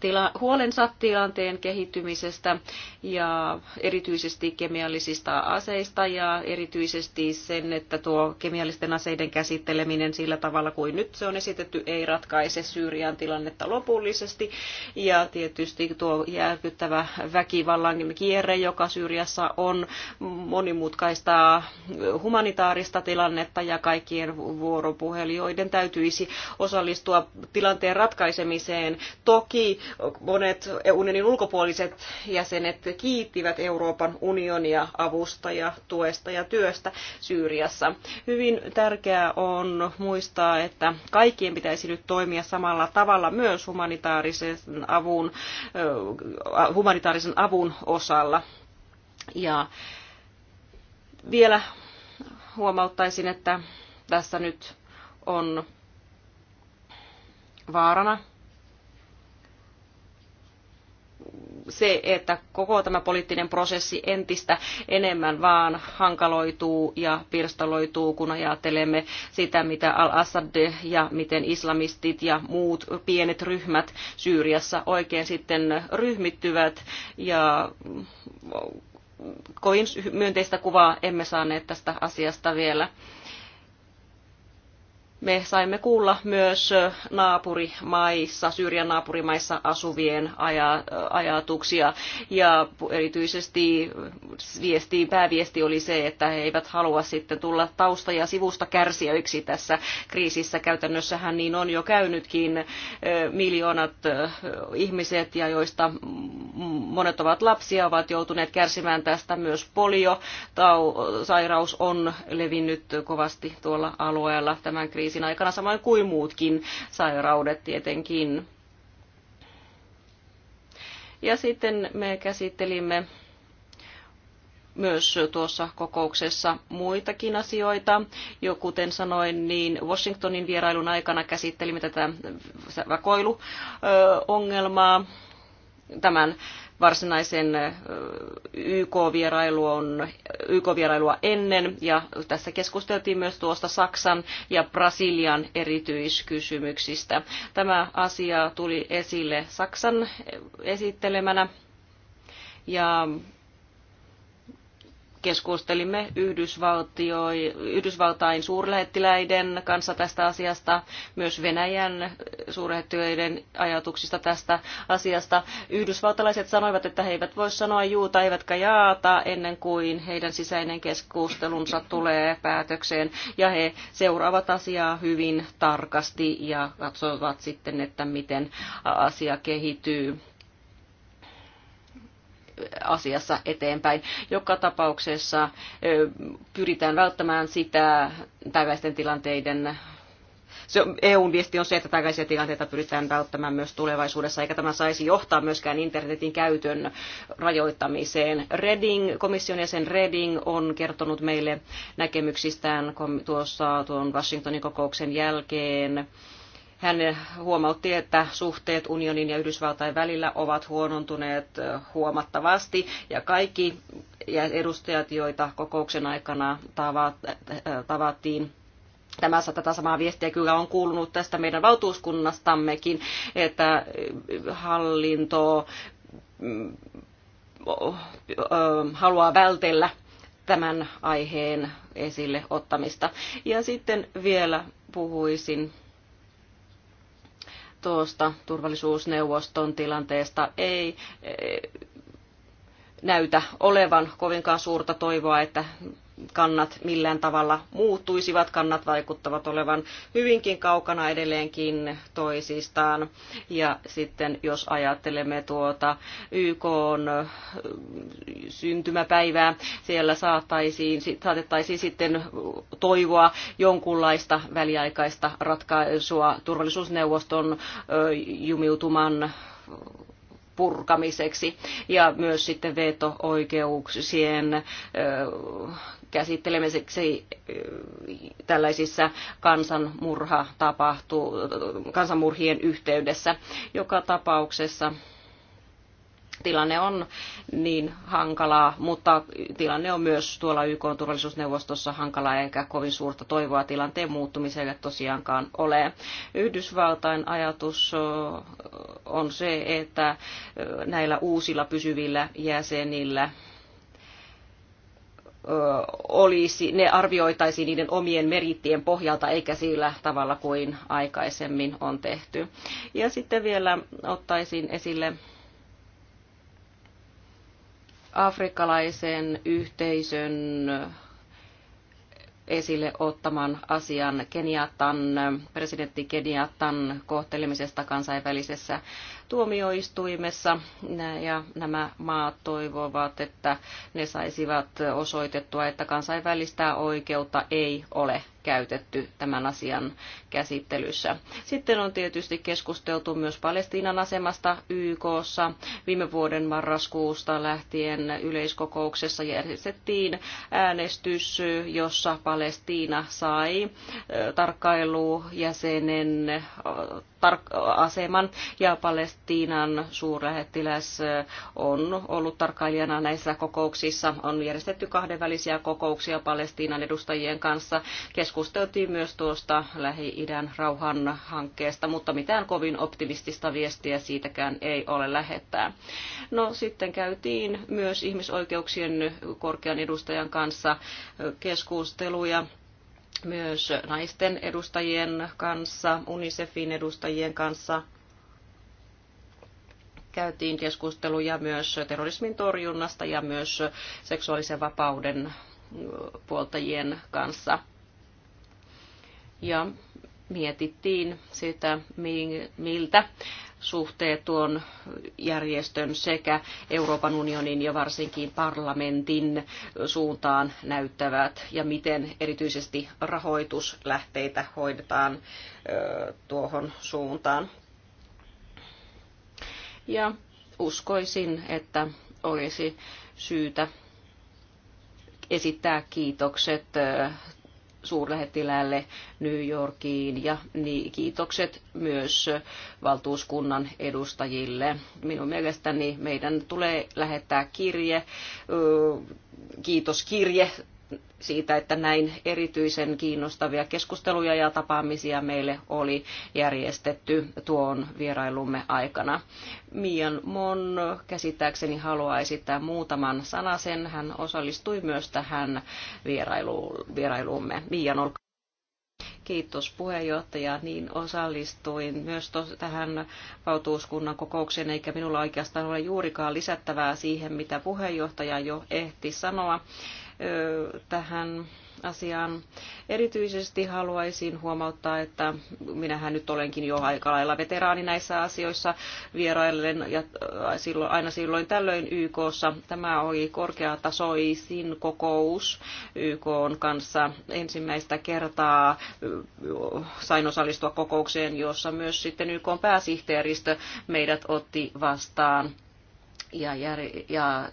tila, huolensa tilanteen kehittymisestä ja erityisesti kemiallisista aseista ja erityisesti sen, että tuo kemiallisten aseiden käsitteleminen sillä tavalla kuin nyt se on esitetty ei ratkaise Syyrian tilannetta lopullisesti. Ja tietysti tuo järkyttävä väkivallan kierre, joka Syyriassa on, monimutkaistaa humanitaarista tilannetta ja kaikkien vuoropuhelijoiden täytyisi osallistua tilanteen ratkaisemiseen. Toki Monet unionin ulkopuoliset jäsenet kiittivät Euroopan unionia avusta ja tuesta ja työstä Syyriassa. Hyvin tärkeää on muistaa, että kaikkien pitäisi nyt toimia samalla tavalla myös humanitaarisen avun, humanitaarisen avun osalla. Ja vielä huomauttaisin, että tässä nyt on vaarana se, että koko tämä poliittinen prosessi entistä enemmän vaan hankaloituu ja pirstaloituu, kun ajattelemme sitä, mitä al-Assad ja miten islamistit ja muut pienet ryhmät Syyriassa oikein sitten ryhmittyvät ja kovin myönteistä kuvaa emme saaneet tästä asiasta vielä me saimme kuulla myös naapurimaissa, Syyrian naapurimaissa asuvien ajatuksia ja erityisesti viestiin, pääviesti oli se, että he eivät halua sitten tulla tausta- ja sivusta kärsijöiksi tässä kriisissä. Käytännössähän niin on jo käynytkin miljoonat ihmiset ja joista monet ovat lapsia, ovat joutuneet kärsimään tästä myös polio. Sairaus on levinnyt kovasti tuolla alueella tämän kriisin kriisin aikana samoin kuin muutkin sairaudet tietenkin. Ja sitten me käsittelimme myös tuossa kokouksessa muitakin asioita. Jo kuten sanoin, niin Washingtonin vierailun aikana käsittelimme tätä vakoiluongelmaa tämän varsinaisen YK-vierailua, YK-vierailua ennen ja tässä keskusteltiin myös tuosta Saksan ja Brasilian erityiskysymyksistä. Tämä asia tuli esille Saksan esittelemänä ja keskustelimme Yhdysvaltain suurlähettiläiden kanssa tästä asiasta, myös Venäjän suurlähettiläiden ajatuksista tästä asiasta. Yhdysvaltalaiset sanoivat, että he eivät voi sanoa juuta eivätkä jaata ennen kuin heidän sisäinen keskustelunsa tulee päätökseen ja he seuraavat asiaa hyvin tarkasti ja katsovat sitten, että miten asia kehittyy asiassa eteenpäin. Joka tapauksessa pyritään välttämään sitä tällaisten tilanteiden se, EUn viesti on se, että tällaisia tilanteita pyritään välttämään myös tulevaisuudessa, eikä tämä saisi johtaa myöskään internetin käytön rajoittamiseen. Reding, komission jäsen Reding on kertonut meille näkemyksistään tuossa tuon Washingtonin kokouksen jälkeen hän huomautti, että suhteet unionin ja Yhdysvaltain välillä ovat huonontuneet huomattavasti ja kaikki edustajat, joita kokouksen aikana tavattiin, Tämä, tätä samaa viestiä kyllä on kuulunut tästä meidän valtuuskunnastammekin, että hallinto haluaa vältellä tämän aiheen esille ottamista. Ja sitten vielä puhuisin tuosta turvallisuusneuvoston tilanteesta ei eh, näytä olevan kovinkaan suurta toivoa, että kannat millään tavalla muuttuisivat. Kannat vaikuttavat olevan hyvinkin kaukana edelleenkin toisistaan. Ja sitten jos ajattelemme tuota YK on syntymäpäivää, siellä saattaisiin, saatettaisiin sitten toivoa jonkunlaista väliaikaista ratkaisua turvallisuusneuvoston jumiutuman purkamiseksi ja myös sitten veto-oikeuksien käsittelemiseksi äh, tällaisissa kansanmurha tapahtuu, kansanmurhien yhteydessä. Joka tapauksessa tilanne on niin hankalaa, mutta tilanne on myös tuolla YK turvallisuusneuvostossa hankalaa eikä kovin suurta toivoa tilanteen muuttumiselle tosiaankaan ole. Yhdysvaltain ajatus on se, että näillä uusilla pysyvillä jäsenillä olisi, ne arvioitaisiin niiden omien merittien pohjalta, eikä sillä tavalla kuin aikaisemmin on tehty. Ja sitten vielä ottaisin esille afrikkalaisen yhteisön esille ottaman asian Keniatan, presidentti Keniatan kohtelemisesta kansainvälisessä tuomioistuimessa ja nämä maat toivovat, että ne saisivat osoitettua, että kansainvälistä oikeutta ei ole käytetty tämän asian käsittelyssä. Sitten on tietysti keskusteltu myös Palestiinan asemasta YKssa. Viime vuoden marraskuusta lähtien yleiskokouksessa järjestettiin äänestys, jossa Palestiina sai tarkkailujäsenen aseman ja Palestiinan suurlähettiläs on ollut tarkkailijana näissä kokouksissa. On järjestetty kahdenvälisiä kokouksia Palestiinan edustajien kanssa. Keskusteltiin myös tuosta Lähi-idän rauhan hankkeesta, mutta mitään kovin optimistista viestiä siitäkään ei ole lähettää. No sitten käytiin myös ihmisoikeuksien korkean edustajan kanssa keskusteluja myös naisten edustajien kanssa, UNICEFin edustajien kanssa. Käytiin keskusteluja myös terrorismin torjunnasta ja myös seksuaalisen vapauden puoltajien kanssa. Ja mietittiin sitä, miltä suhteet tuon järjestön sekä Euroopan unionin ja varsinkin parlamentin suuntaan näyttävät ja miten erityisesti rahoituslähteitä hoidetaan tuohon suuntaan. Ja uskoisin, että olisi syytä esittää kiitokset suurlähettiläälle New Yorkiin ja niin kiitokset myös valtuuskunnan edustajille. Minun mielestäni meidän tulee lähettää kirje, kiitoskirje siitä, että näin erityisen kiinnostavia keskusteluja ja tapaamisia meille oli järjestetty tuon vierailumme aikana. Mian Mon käsittääkseni haluaa esittää muutaman sanasen. Hän osallistui myös tähän vierailu, vierailuumme. Mian, olkaa Kiitos puheenjohtaja. Niin osallistuin myös tos, tähän valtuuskunnan kokoukseen, eikä minulla oikeastaan ole juurikaan lisättävää siihen, mitä puheenjohtaja jo ehti sanoa tähän asiaan. Erityisesti haluaisin huomauttaa, että minähän nyt olenkin jo aika lailla veteraani näissä asioissa vierailen ja silloin, aina silloin tällöin YKssa. Tämä oli korkeatasoisin kokous YK kanssa. Ensimmäistä kertaa sain osallistua kokoukseen, jossa myös sitten YK pääsihteeristö meidät otti vastaan ja, ja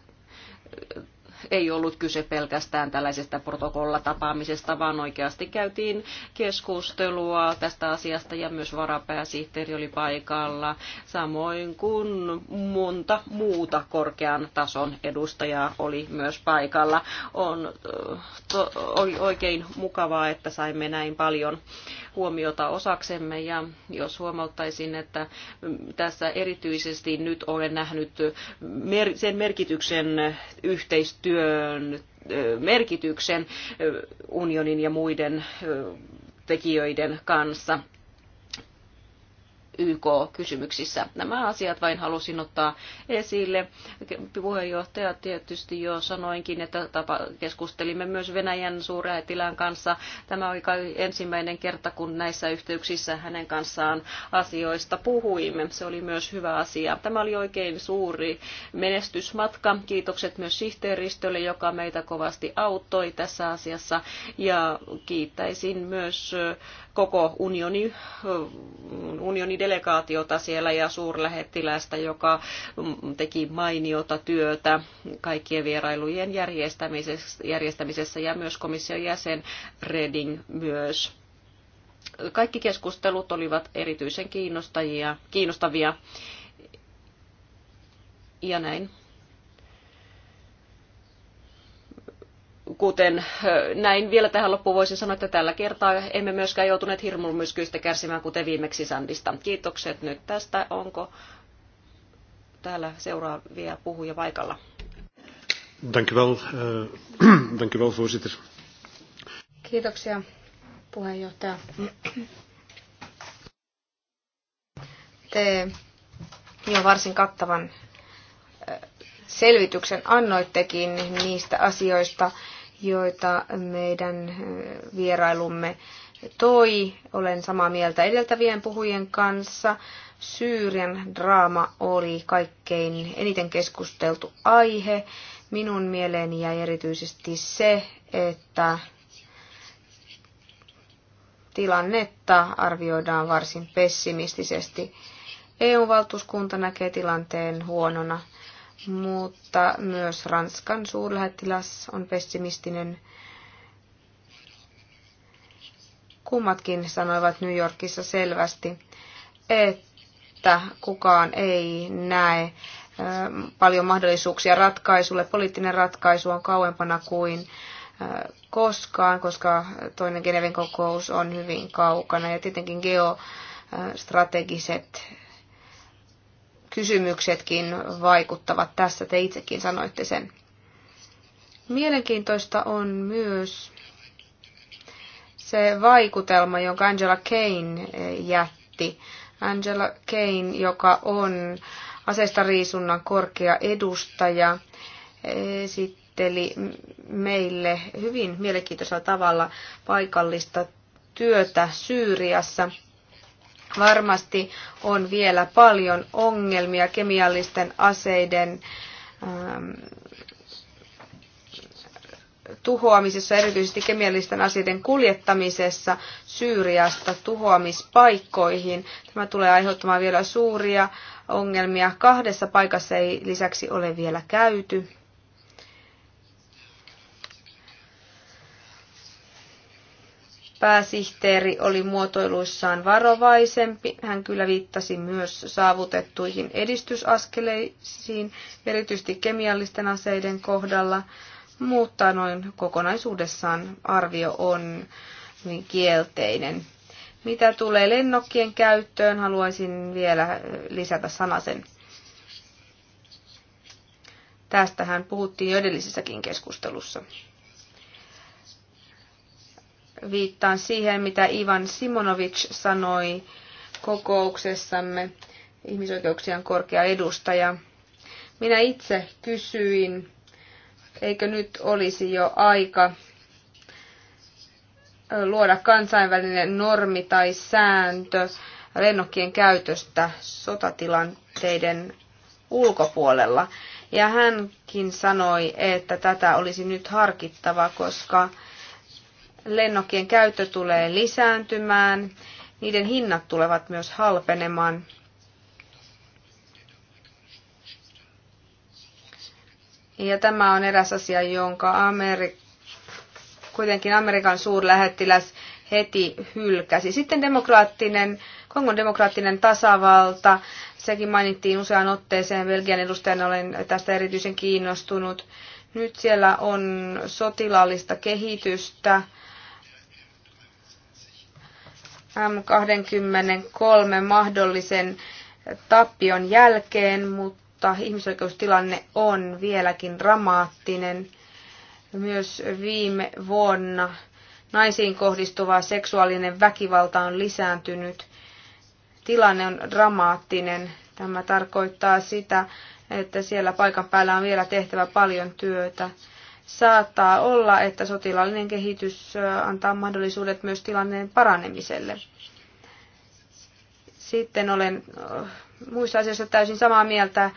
ei ollut kyse pelkästään tällaisesta protokollatapaamisesta, vaan oikeasti käytiin keskustelua tästä asiasta ja myös varapääsihteeri oli paikalla, samoin kuin monta muuta korkean tason edustajaa oli myös paikalla. On, to, oli oikein mukavaa, että saimme näin paljon huomiota osaksemme ja jos huomauttaisin, että tässä erityisesti nyt olen nähnyt sen merkityksen yhteistyö työn merkityksen unionin ja muiden tekijöiden kanssa YK-kysymyksissä. Nämä asiat vain halusin ottaa esille. Puheenjohtaja tietysti jo sanoinkin, että tapa, keskustelimme myös Venäjän suurähetilän kanssa. Tämä oli kai ensimmäinen kerta, kun näissä yhteyksissä hänen kanssaan asioista puhuimme. Se oli myös hyvä asia. Tämä oli oikein suuri menestysmatka. Kiitokset myös sihteeristölle, joka meitä kovasti auttoi tässä asiassa. Ja kiittäisin myös koko unioni, delegaatiota siellä ja suurlähettilästä, joka teki mainiota työtä kaikkien vierailujen järjestämisessä, järjestämisessä ja myös komission jäsen Reding myös. Kaikki keskustelut olivat erityisen kiinnostavia ja näin Kuten näin vielä tähän loppuun voisin sanoa, että tällä kertaa emme myöskään joutuneet hirmumyrskyistä kärsimään, kuten viimeksi Sandista. Kiitokset nyt tästä. Onko täällä seuraavia
puhuja paikalla?
Dank wel, uh, dank u wel
Kiitoksia puheenjohtaja. Te jo varsin kattavan eh, selvityksen annoittekin niistä asioista, joita meidän vierailumme toi. Olen samaa mieltä edeltävien puhujien kanssa. Syyrian draama oli kaikkein eniten keskusteltu aihe. Minun mieleeni jäi erityisesti se, että tilannetta arvioidaan varsin pessimistisesti. EU-valtuuskunta näkee tilanteen huonona mutta myös Ranskan suurlähettiläs on pessimistinen. Kummatkin sanoivat New Yorkissa selvästi, että kukaan ei näe paljon mahdollisuuksia ratkaisulle. Poliittinen ratkaisu on kauempana kuin koskaan, koska toinen Geneven kokous on hyvin kaukana ja tietenkin geostrategiset kysymyksetkin vaikuttavat tässä, te itsekin sanoitte sen. Mielenkiintoista on myös se vaikutelma, jonka Angela Kane eh, jätti. Angela Kane, joka on aseistariisunnan korkea edustaja, esitteli meille hyvin mielenkiintoisella tavalla paikallista työtä Syyriassa – Varmasti on vielä paljon ongelmia kemiallisten aseiden ähm, tuhoamisessa, erityisesti kemiallisten aseiden kuljettamisessa Syyriasta tuhoamispaikkoihin. Tämä tulee aiheuttamaan vielä suuria ongelmia. Kahdessa paikassa ei lisäksi ole vielä käyty. Pääsihteeri oli muotoiluissaan varovaisempi. Hän kyllä viittasi myös saavutettuihin edistysaskeleisiin, erityisesti kemiallisten aseiden kohdalla, mutta noin kokonaisuudessaan arvio on niin kielteinen. Mitä tulee lennokkien käyttöön, haluaisin vielä lisätä sanasen. Tästähän puhuttiin jo edellisessäkin keskustelussa viittaan siihen, mitä Ivan Simonovic sanoi kokouksessamme, ihmisoikeuksien korkea edustaja. Minä itse kysyin, eikö nyt olisi jo aika luoda kansainvälinen normi tai sääntö lennokkien käytöstä sotatilanteiden ulkopuolella. Ja hänkin sanoi, että tätä olisi nyt harkittava, koska lennokkien käyttö tulee lisääntymään, niiden hinnat tulevat myös halpenemaan. Ja tämä on eräs asia, jonka Ameri- kuitenkin Amerikan suurlähettiläs heti hylkäsi. Sitten demokraattinen, Kongon demokraattinen tasavalta, sekin mainittiin useaan otteeseen. Belgian edustajana olen tästä erityisen kiinnostunut. Nyt siellä on sotilaallista kehitystä M23 mahdollisen tappion jälkeen, mutta ihmisoikeustilanne on vieläkin dramaattinen. Myös viime vuonna naisiin kohdistuva seksuaalinen väkivalta on lisääntynyt. Tilanne on dramaattinen. Tämä tarkoittaa sitä, että siellä paikan päällä on vielä tehtävä paljon työtä saattaa olla, että sotilaallinen kehitys antaa mahdollisuudet myös tilanneen paranemiselle. Sitten olen muissa asioissa täysin samaa mieltä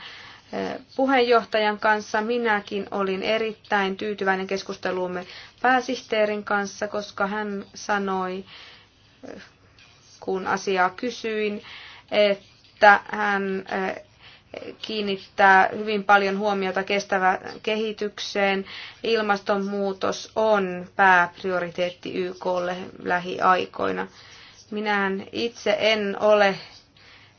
puheenjohtajan kanssa. Minäkin olin erittäin tyytyväinen keskusteluumme pääsihteerin kanssa, koska hän sanoi, kun asiaa kysyin, että hän kiinnittää hyvin paljon huomiota kestävään kehitykseen. Ilmastonmuutos on pääprioriteetti YKlle lähiaikoina. Minähän itse en ole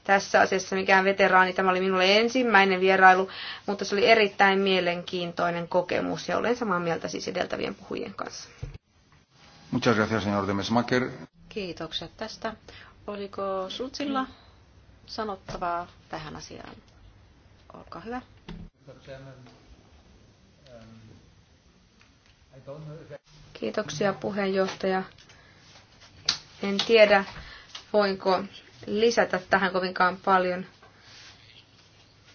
tässä asiassa mikään veteraani. Tämä oli minulle ensimmäinen vierailu, mutta se oli erittäin mielenkiintoinen kokemus ja olen samaa mieltä siis edeltävien puhujien kanssa.
Muchas gracias, señor Demesmaker.
Kiitokset tästä. Oliko
Sutsilla sanottavaa tähän asiaan? Olkaa hyvä.
Um,
Kiitoksia puheenjohtaja. En tiedä, voinko lisätä tähän kovinkaan paljon,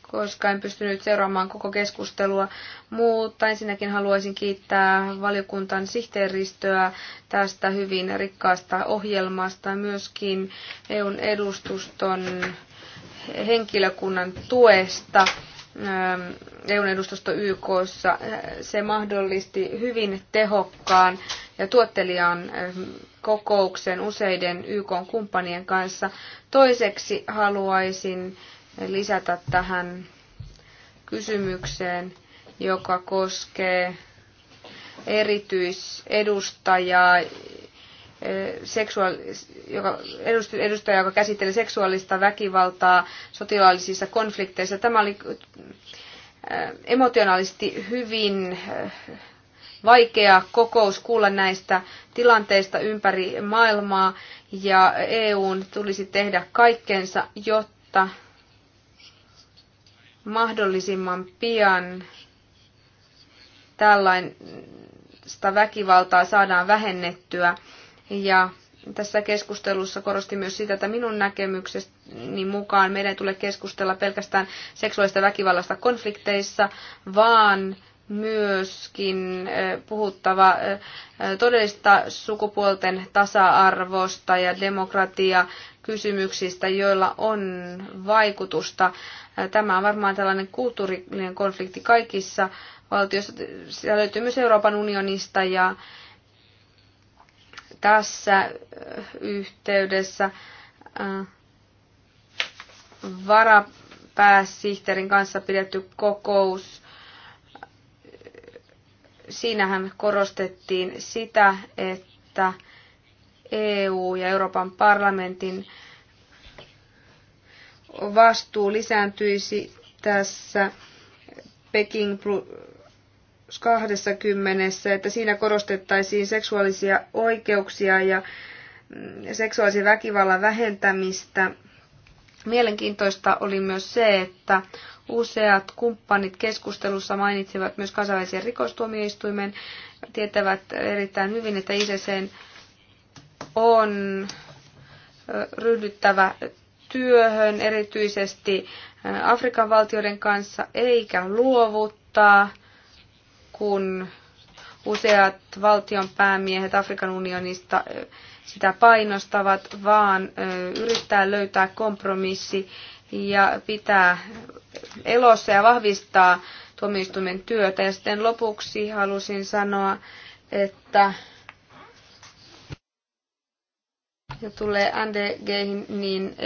koska en pystynyt seuraamaan koko keskustelua. Mutta ensinnäkin haluaisin kiittää valiokuntan sihteeristöä tästä hyvin rikkaasta ohjelmasta, myöskin EUn edustuston henkilökunnan tuesta ähm, EU-edustusto YKssa. Äh, se mahdollisti hyvin tehokkaan ja tuottelijan ähm, kokouksen useiden YK-kumppanien kanssa. Toiseksi haluaisin lisätä tähän kysymykseen, joka koskee erityisedustajaa joka, edustaja, joka käsitteli seksuaalista väkivaltaa sotilaallisissa konflikteissa. Tämä oli äh, emotionaalisesti hyvin äh, vaikea kokous kuulla näistä tilanteista ympäri maailmaa ja EUn tulisi tehdä kaikkensa, jotta mahdollisimman pian tällaista väkivaltaa saadaan vähennettyä ja tässä keskustelussa korosti myös sitä, että minun näkemykseni mukaan meidän ei tule keskustella pelkästään seksuaalista väkivallasta konflikteissa, vaan myöskin puhuttava todellista sukupuolten tasa-arvosta ja demokratia kysymyksistä, joilla on vaikutusta. Tämä on varmaan tällainen kulttuurinen konflikti kaikissa valtioissa. Siellä löytyy myös Euroopan unionista ja tässä äh, yhteydessä äh, varapääsihteerin kanssa pidetty kokous. Siinähän korostettiin sitä, että EU ja Euroopan parlamentin vastuu lisääntyisi tässä Peking 20, että siinä korostettaisiin seksuaalisia oikeuksia mm, ja seksuaalisen väkivallan vähentämistä. Mielenkiintoista oli myös se, että useat kumppanit keskustelussa mainitsivat myös kansainvälisen rikostuomioistuimen, tietävät erittäin hyvin, että ICC on ryhdyttävä työhön erityisesti Afrikan valtioiden kanssa, eikä luovuttaa kun useat valtion päämiehet Afrikan unionista sitä painostavat, vaan yrittää löytää kompromissi ja pitää elossa ja vahvistaa tuomioistuimen työtä. Ja sitten lopuksi halusin sanoa, että ja tulee NDG, niin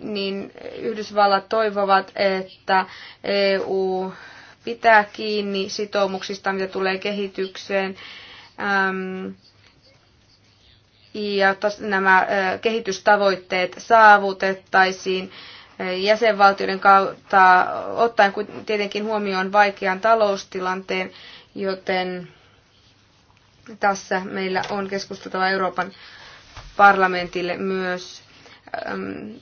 niin Yhdysvallat toivovat, että EU pitää kiinni sitoumuksista, mitä tulee kehitykseen. Ähm, ja nämä äh, kehitystavoitteet saavutettaisiin jäsenvaltioiden kautta, ottaen tietenkin huomioon vaikean taloustilanteen, joten tässä meillä on keskusteltava Euroopan parlamentille myös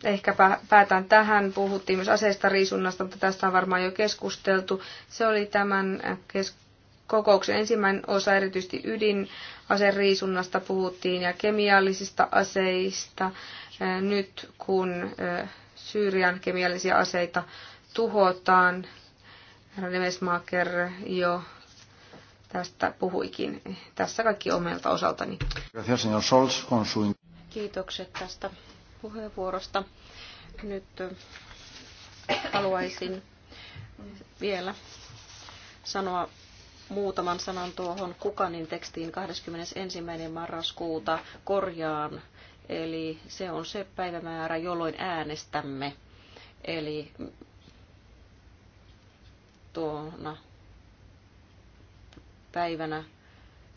Ehkä päätän tähän. Puhuttiin myös aseista riisunnasta, mutta tästä on varmaan jo keskusteltu. Se oli tämän äh, kokouksen ensimmäinen osa, erityisesti riisunnasta puhuttiin ja kemiallisista aseista. Äh, nyt kun äh, Syyrian kemiallisia aseita tuhotaan, Rademesmaker jo tästä puhuikin. Tässä kaikki omelta osaltani. Kiitokset tästä puheenvuorosta.
Nyt haluaisin vielä sanoa muutaman sanan tuohon Kukanin tekstiin 21. marraskuuta korjaan. Eli se on se päivämäärä, jolloin äänestämme. Eli tuona päivänä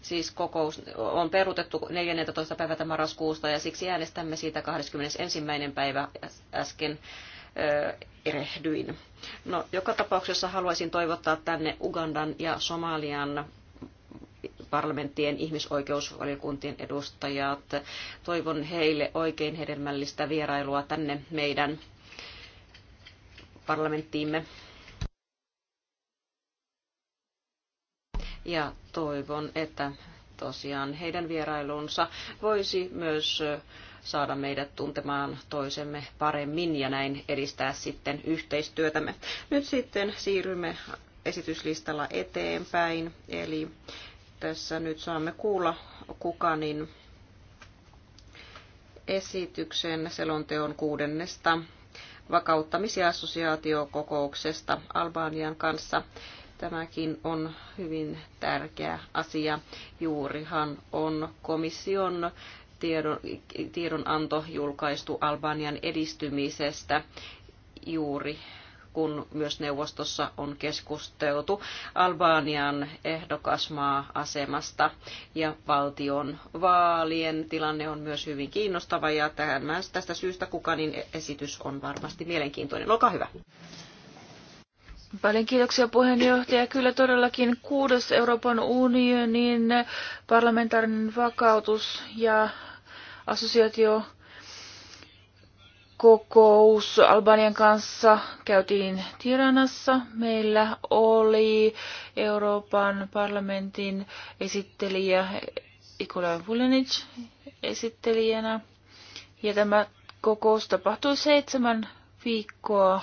siis kokous on peruutettu 14. tämä marraskuusta ja siksi äänestämme siitä 21. päivä äsken erehdyin. No, joka tapauksessa haluaisin toivottaa tänne Ugandan ja Somalian parlamenttien ihmisoikeusvaliokuntien edustajat. Toivon heille oikein hedelmällistä vierailua tänne meidän parlamenttiimme. ja toivon, että tosiaan heidän vierailunsa voisi myös saada meidät tuntemaan toisemme paremmin ja näin edistää sitten yhteistyötämme. Nyt sitten siirrymme esityslistalla eteenpäin, eli tässä nyt saamme kuulla Kukanin esityksen selonteon kuudennesta vakauttamis- ja assosiaatiokokouksesta Albanian kanssa Tämäkin on hyvin tärkeä asia. Juurihan on komission tiedon, tiedonanto julkaistu Albanian edistymisestä juuri kun myös neuvostossa on keskusteltu Albanian ehdokasmaa asemasta ja valtion vaalien tilanne on myös hyvin kiinnostava ja tähän, tästä syystä Kukanin esitys on varmasti
mielenkiintoinen. Olkaa hyvä. Paljon kiitoksia puheenjohtaja. Kyllä todellakin kuudes Euroopan unionin parlamentaarinen vakautus ja assosiaatio kokous Albanian kanssa käytiin Tiranassa. Meillä oli Euroopan parlamentin esittelijä Ikola Vulenic esittelijänä. Ja tämä kokous tapahtui seitsemän viikkoa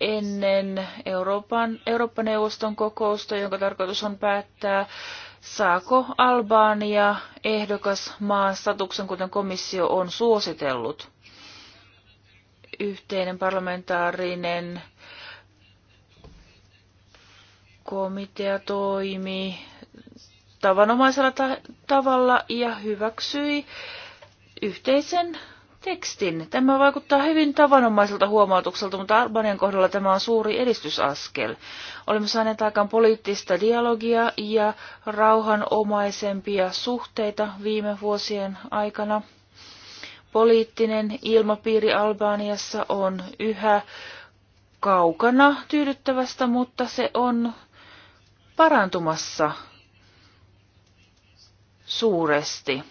ennen Euroopan, Eurooppa-neuvoston kokousta, jonka tarkoitus on päättää, saako Albania ehdokas maan statuksen, kuten komissio on suositellut. Yhteinen parlamentaarinen komitea toimi tavanomaisella ta- tavalla ja hyväksyi yhteisen tekstin. Tämä vaikuttaa hyvin tavanomaiselta huomautukselta, mutta Albanian kohdalla tämä on suuri edistysaskel. Olemme saaneet aikaan poliittista dialogia ja rauhanomaisempia suhteita viime vuosien aikana. Poliittinen ilmapiiri Albaniassa on yhä kaukana tyydyttävästä, mutta se on parantumassa suuresti.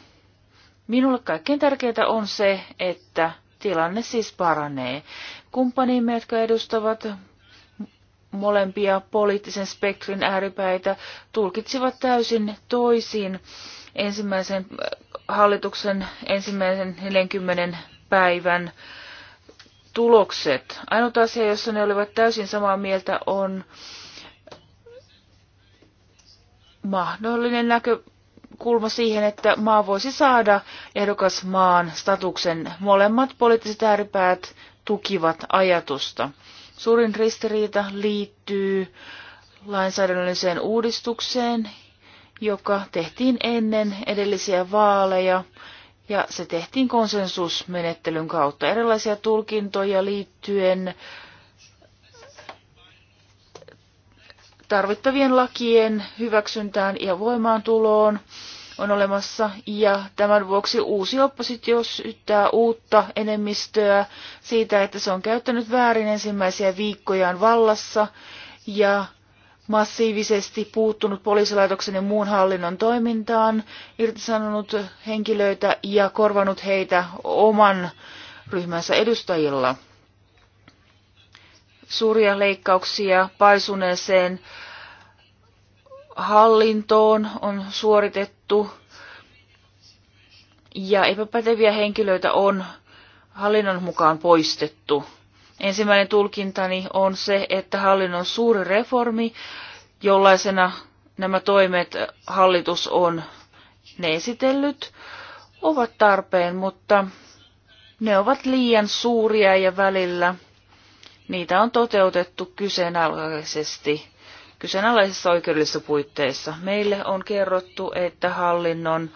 Minulle kaikkein tärkeintä on se, että tilanne siis paranee. Kumppanimme, jotka edustavat molempia poliittisen spektrin ääripäitä, tulkitsivat täysin toisin ensimmäisen äh, hallituksen ensimmäisen 40 päivän tulokset. Ainut asia, jossa ne olivat täysin samaa mieltä, on mahdollinen näkö kulma siihen, että maa voisi saada ehdokasmaan statuksen. Molemmat poliittiset ääripäät tukivat ajatusta. Suurin ristiriita liittyy lainsäädännölliseen uudistukseen, joka tehtiin ennen edellisiä vaaleja, ja se tehtiin konsensusmenettelyn kautta. Erilaisia tulkintoja liittyen tarvittavien lakien hyväksyntään ja voimaantuloon on olemassa ja tämän vuoksi uusi oppositio syyttää uutta enemmistöä siitä, että se on käyttänyt väärin ensimmäisiä viikkojaan vallassa ja massiivisesti puuttunut poliisilaitoksen ja muun hallinnon toimintaan, irtisanonut henkilöitä ja korvanut heitä oman ryhmänsä edustajilla. Suuria leikkauksia paisuneeseen hallintoon on suoritettu puhuttu. Ja epäpäteviä henkilöitä on hallinnon mukaan poistettu. Ensimmäinen tulkintani on se, että hallinnon suuri reformi, jollaisena nämä toimet hallitus on ne esitellyt, ovat tarpeen, mutta ne ovat liian suuria ja välillä niitä on toteutettu kyseenalaisesti kyseenalaisissa oikeudellisissa puitteissa. Meille on kerrottu, että hallinnon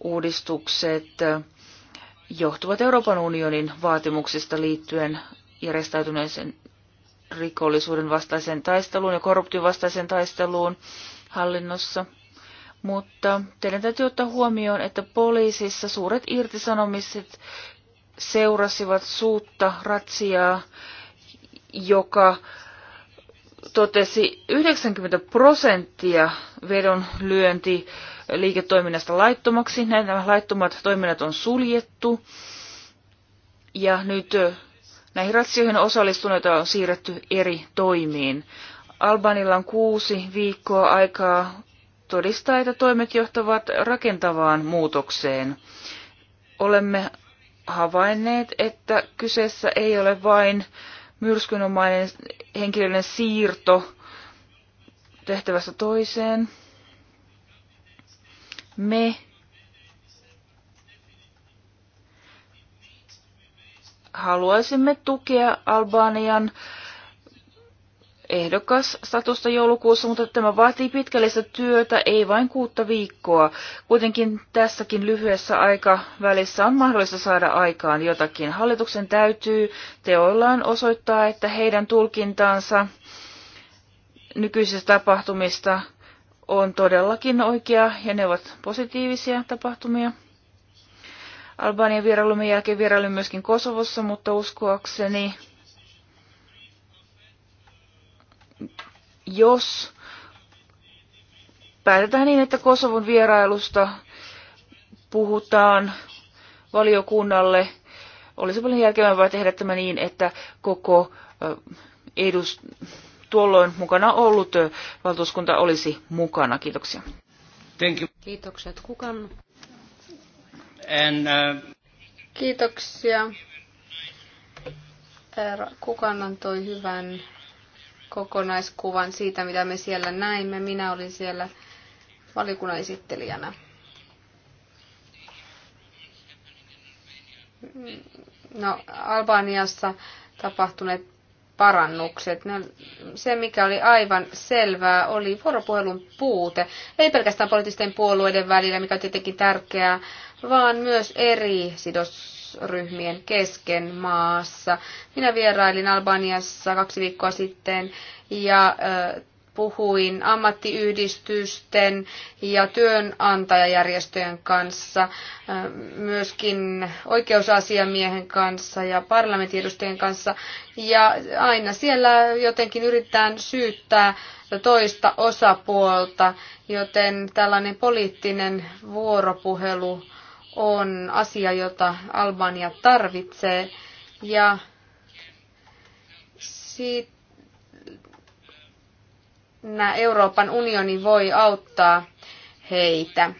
uudistukset johtuvat Euroopan unionin vaatimuksista liittyen järjestäytyneeseen rikollisuuden vastaiseen taisteluun ja korruption vastaiseen taisteluun hallinnossa. Mutta teidän täytyy ottaa huomioon, että poliisissa suuret irtisanomiset seurasivat suutta ratsiaa, joka totesi 90 prosenttia vedonlyönti liiketoiminnasta laittomaksi. Nämä laittomat toiminnat on suljettu ja nyt näihin ratsioihin osallistuneita on siirretty eri toimiin. Albanilla on kuusi viikkoa aikaa todistaa, että toimet johtavat rakentavaan muutokseen. Olemme havainneet, että kyseessä ei ole vain myrskynomainen henkilöiden siirto tehtävästä toiseen. Me haluaisimme tukea Albanian äh, Ehdokas, statusta joulukuussa, mutta tämä vaatii pitkällistä työtä, ei vain kuutta viikkoa. Kuitenkin tässäkin lyhyessä aikavälissä on mahdollista saada aikaan jotakin. Hallituksen täytyy teoillaan osoittaa, että heidän tulkintaansa nykyisistä tapahtumista on todellakin oikea ja ne ovat positiivisia tapahtumia. Albanian vierailumme jälkeen vierailin myöskin Kosovossa, mutta uskoakseni jos päätetään niin, että Kosovon vierailusta puhutaan valiokunnalle, olisi paljon järkevämpää tehdä tämä niin, että koko edus, tuolloin mukana ollut valtuuskunta olisi mukana. Kiitoksia. Thank you. Kiitokset. Kukan? And, uh...
Kiitoksia. Kukan antoi hyvän kokonaiskuvan siitä, mitä me siellä näimme. Minä olin siellä valikunnan esittelijänä. No, Albaniassa tapahtuneet parannukset. No, se, mikä oli aivan selvää, oli vuoropuhelun puute. Ei pelkästään poliittisten puolueiden välillä, mikä on tietenkin tärkeää, vaan myös eri sidos sidosryhmien kesken maassa. Minä vierailin Albaniassa kaksi viikkoa sitten ja puhuin ammattiyhdistysten ja työnantajajärjestöjen kanssa, myöskin oikeusasiamiehen kanssa ja parlamentin kanssa. Ja aina siellä jotenkin yritetään syyttää toista osapuolta, joten tällainen poliittinen vuoropuhelu on asia, jota Albania tarvitsee. Ja siitä Euroopan unioni voi auttaa heitä.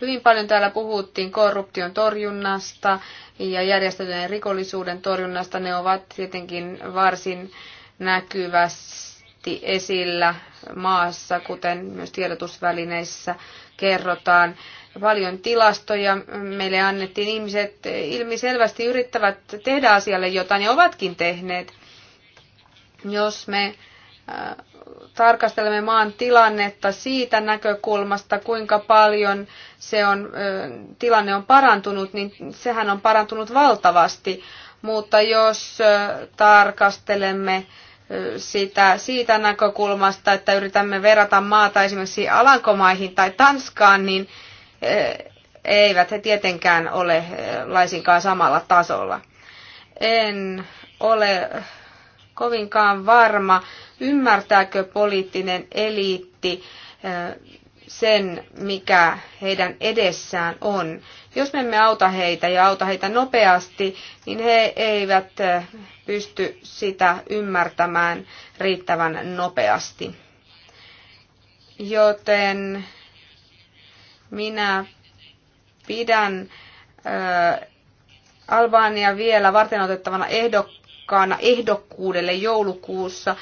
Hyvin paljon täällä puhuttiin korruption torjunnasta ja järjestetyn rikollisuuden torjunnasta. Ne ovat tietenkin varsin näkyvästi esillä maassa, kuten myös tiedotusvälineissä kerrotaan paljon tilastoja. Meille annettiin ihmiset ilmiselvästi yrittävät tehdä asialle jotain ja ovatkin tehneet. Jos me äh, tarkastelemme maan tilannetta siitä näkökulmasta, kuinka paljon se on, äh, tilanne on parantunut, niin sehän on parantunut valtavasti. Mutta jos äh, tarkastelemme sitä siitä näkökulmasta, että yritämme verrata maata esimerkiksi Alankomaihin tai Tanskaan, niin Eh, eivät he tietenkään ole eh, laisinkaan samalla tasolla. En ole kovinkaan varma, ymmärtääkö poliittinen eliitti eh, sen, mikä heidän edessään on. Jos me emme auta heitä ja auta heitä nopeasti, niin he eivät pysty sitä ymmärtämään riittävän nopeasti. Joten minä pidän Albania vielä varten otettavana ehdokkaana ehdokkuudelle joulukuussa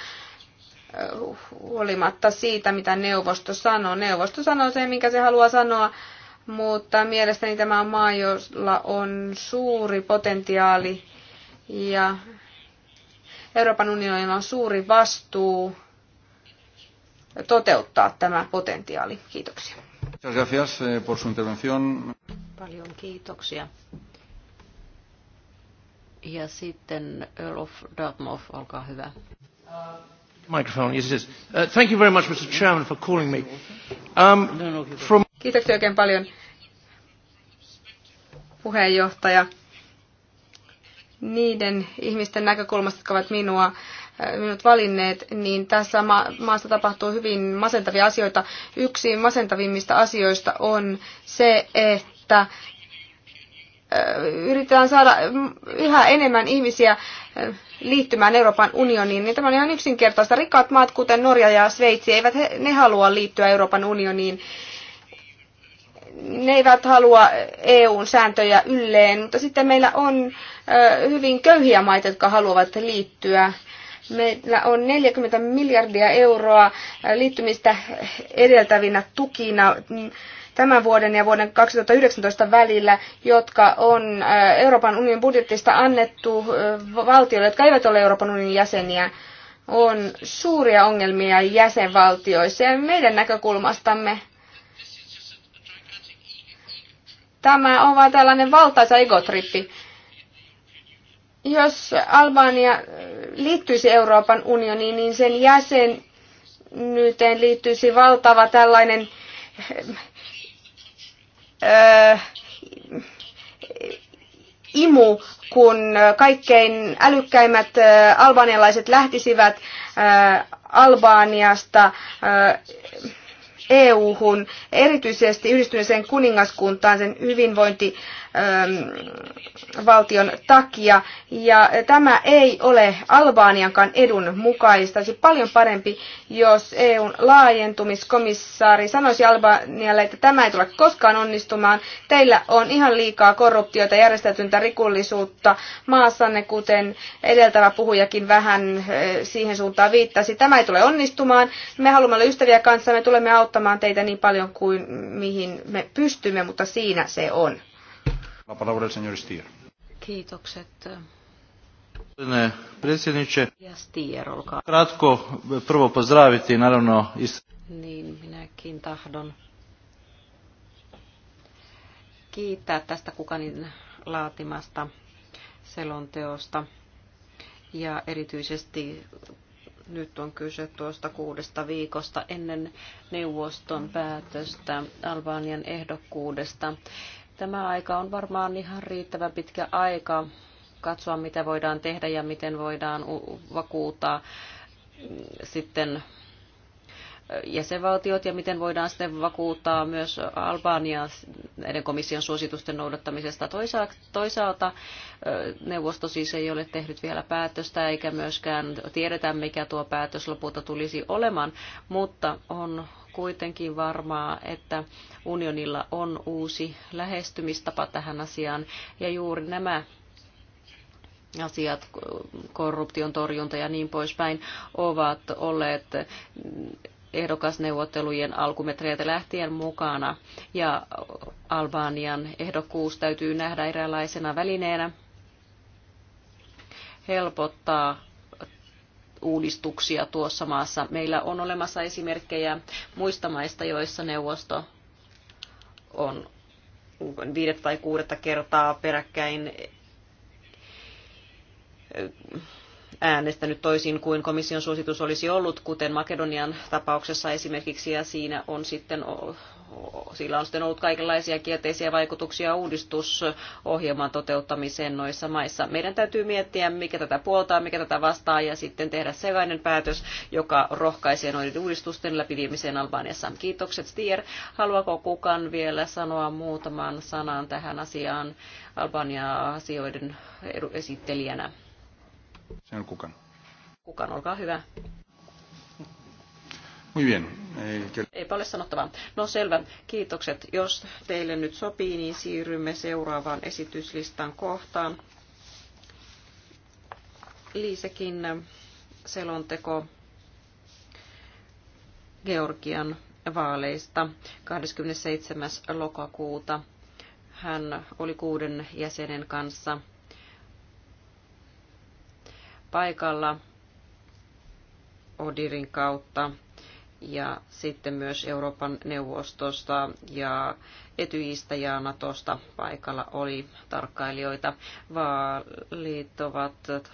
huolimatta siitä, mitä neuvosto sanoo. Neuvosto sanoo sen, minkä se haluaa sanoa, mutta mielestäni tämä on maa, jolla on suuri potentiaali ja Euroopan unionilla on suuri vastuu toteuttaa tämä potentiaali. Kiitoksia.
Eh, por su intervención.
Paljon kiitoksia.
Ja sitten
Earl of Dartmouth, olkaa hyvä. Uh,
microphone, yes, yes. Uh, thank you very much, Mr. Chairman, for calling me. Um, from...
Kiitoksia oikein paljon, puheenjohtaja. Niiden ihmisten näkökulmasta, jotka ovat minua Äh, minut valinneet, niin tässä maassa tapahtuu hyvin masentavia asioita. Yksi masentavimmista asioista on se, että äh, yritetään saada yhä enemmän ihmisiä äh, liittymään Euroopan unioniin, niin tämä on ihan yksinkertaista. Rikkaat maat, kuten Norja ja Sveitsi, eivät he, ne halua liittyä Euroopan unioniin. Ne eivät halua EUn sääntöjä ylleen, mutta sitten meillä on hyvin köyhiä maita, jotka haluavat liittyä Meillä on 40 miljardia euroa liittymistä edeltävinä tukina tämän vuoden ja vuoden 2019 välillä, jotka on äh, Euroopan unionin budjettista annettu äh, valtioille, jotka eivät ole Euroopan unionin jäseniä, on suuria ongelmia jäsenvaltioissa ja meidän näkökulmastamme tämä on vain tällainen valtaisa egotrippi. Jos Albania liittyisi Euroopan unioniin, niin sen jäsenyyteen liittyisi valtava tällainen imu, kun kaikkein älykkäimmät albanialaiset lähtisivät Albaaniasta EU-hun, erityisesti yhdistyneeseen kuningaskuntaan sen hyvinvointi Ähm, valtion takia. Ja tämä ei ole Albaaniankaan edun mukaista. Olisi paljon parempi, jos EUn laajentumiskomissaari sanoisi Albaanialle, että tämä ei tule koskaan onnistumaan. Teillä on ihan liikaa korruptiota, järjestäytyntä rikollisuutta maassanne, kuten edeltävä puhujakin vähän äh, siihen suuntaan viittasi. Tämä ei tule onnistumaan. Me haluamme olla ystäviä kanssa, me tulemme auttamaan teitä niin paljon kuin mihin me pystymme, mutta siinä se on
gospodine palabra Predsjedniče, kratko prvo pozdraviti naravno
niin, minäkin tahdon kiittää tästä Kukanin laatimasta selonteosta. Ja erityisesti nyt on kyse tuosta kuudesta viikosta ennen neuvoston päätöstä Albanian ehdokkuudesta Tämä aika on varmaan ihan riittävän pitkä aika katsoa, mitä voidaan tehdä ja miten voidaan vakuuttaa sitten jäsenvaltiot ja miten voidaan sitten vakuuttaa myös Albania näiden komission suositusten noudattamisesta. Toisaalta, neuvosto siis ei ole tehnyt vielä päätöstä eikä myöskään tiedetä, mikä tuo päätös lopulta tulisi olemaan, mutta on kuitenkin varmaa, että unionilla on uusi lähestymistapa tähän asiaan ja juuri nämä asiat, korruption torjunta ja niin poispäin, ovat olleet ehdokasneuvottelujen alkumetreiltä lähtien mukana. Ja Albanian ehdokkuus täytyy nähdä eräänlaisena välineenä helpottaa uudistuksia tuossa maassa. Meillä on olemassa esimerkkejä muista maista, joissa neuvosto on viidettä tai kuudetta kertaa peräkkäin äänestänyt toisin kuin komission suositus olisi ollut, kuten Makedonian tapauksessa esimerkiksi, ja siinä on sitten sillä on sitten ollut kaikenlaisia kielteisiä vaikutuksia uudistusohjelman toteuttamiseen noissa maissa. Meidän täytyy miettiä, mikä tätä puoltaa, mikä tätä vastaa ja sitten tehdä sellainen päätös, joka rohkaisee noiden uudistusten läpiviemiseen Albaniassa. Kiitokset Stier. Haluaako kukaan vielä sanoa muutaman sanan tähän asiaan Albania-asioiden esittelijänä? Sen kukaan. Kukaan, olkaa hyvä.
Muy bien. Eh,
Eipä ole sanottavaa. No selvä. Kiitokset. Jos teille nyt sopii, niin siirrymme seuraavaan esityslistan kohtaan. Liisekin selonteko Georgian vaaleista 27. lokakuuta. Hän oli kuuden jäsenen kanssa paikalla Odirin kautta ja sitten myös Euroopan neuvostosta ja Etyistä ja Natosta paikalla oli tarkkailijoita. Vaalit ovat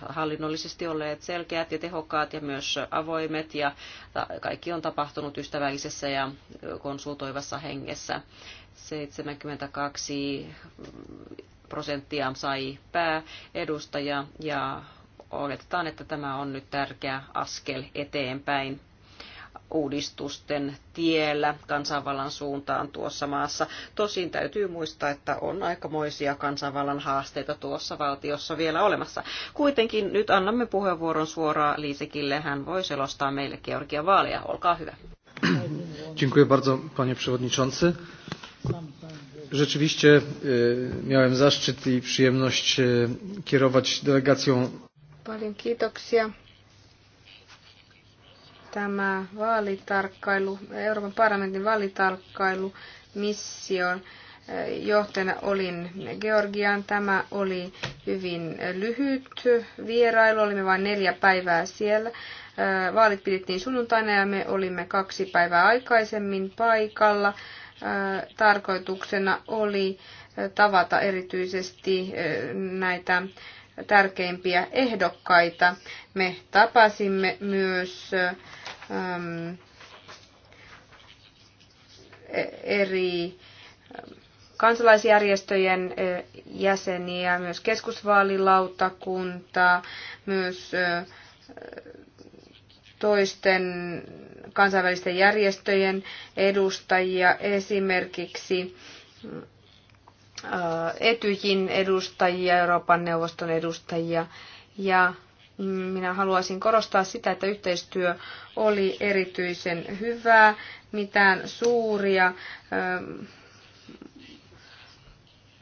hallinnollisesti olleet selkeät ja tehokkaat ja myös avoimet ja kaikki on tapahtunut ystävällisessä ja konsultoivassa hengessä. 72 prosenttia sai pääedustaja ja oletetaan, että tämä on nyt tärkeä askel eteenpäin uudistusten tiellä kansanvallan suuntaan tuossa maassa. Tosin täytyy muistaa, että on aikamoisia kansanvallan haasteita tuossa valtiossa vielä olemassa. Kuitenkin nyt annamme puheenvuoron suoraan Liisekille. Hän voi selostaa meille Georgian vaaleja. Olkaa hyvä.
Dziękuję bardzo, panie przewodniczący. Rzeczywiście e, miałem zaszczyt i przyjemność e, kierować delegacją.
Paljon kiitoksia tämä vaalitarkkailu, Euroopan parlamentin vaalitarkkailu mission eh, johtajana olin Georgian. Tämä oli hyvin lyhyt vierailu, olimme vain neljä päivää siellä. Eh, vaalit pidettiin sunnuntaina ja me olimme kaksi päivää aikaisemmin paikalla. Eh, tarkoituksena oli tavata erityisesti näitä tärkeimpiä ehdokkaita. Me tapasimme myös Ähm, eri ähm, kansalaisjärjestöjen äh, jäseniä, myös keskusvaalilautakunta, myös äh, toisten kansainvälisten järjestöjen edustajia, esimerkiksi äh, Etyjin edustajia, Euroopan neuvoston edustajia ja minä haluaisin korostaa sitä, että yhteistyö oli erityisen hyvää. Mitään suuria ö, ähm,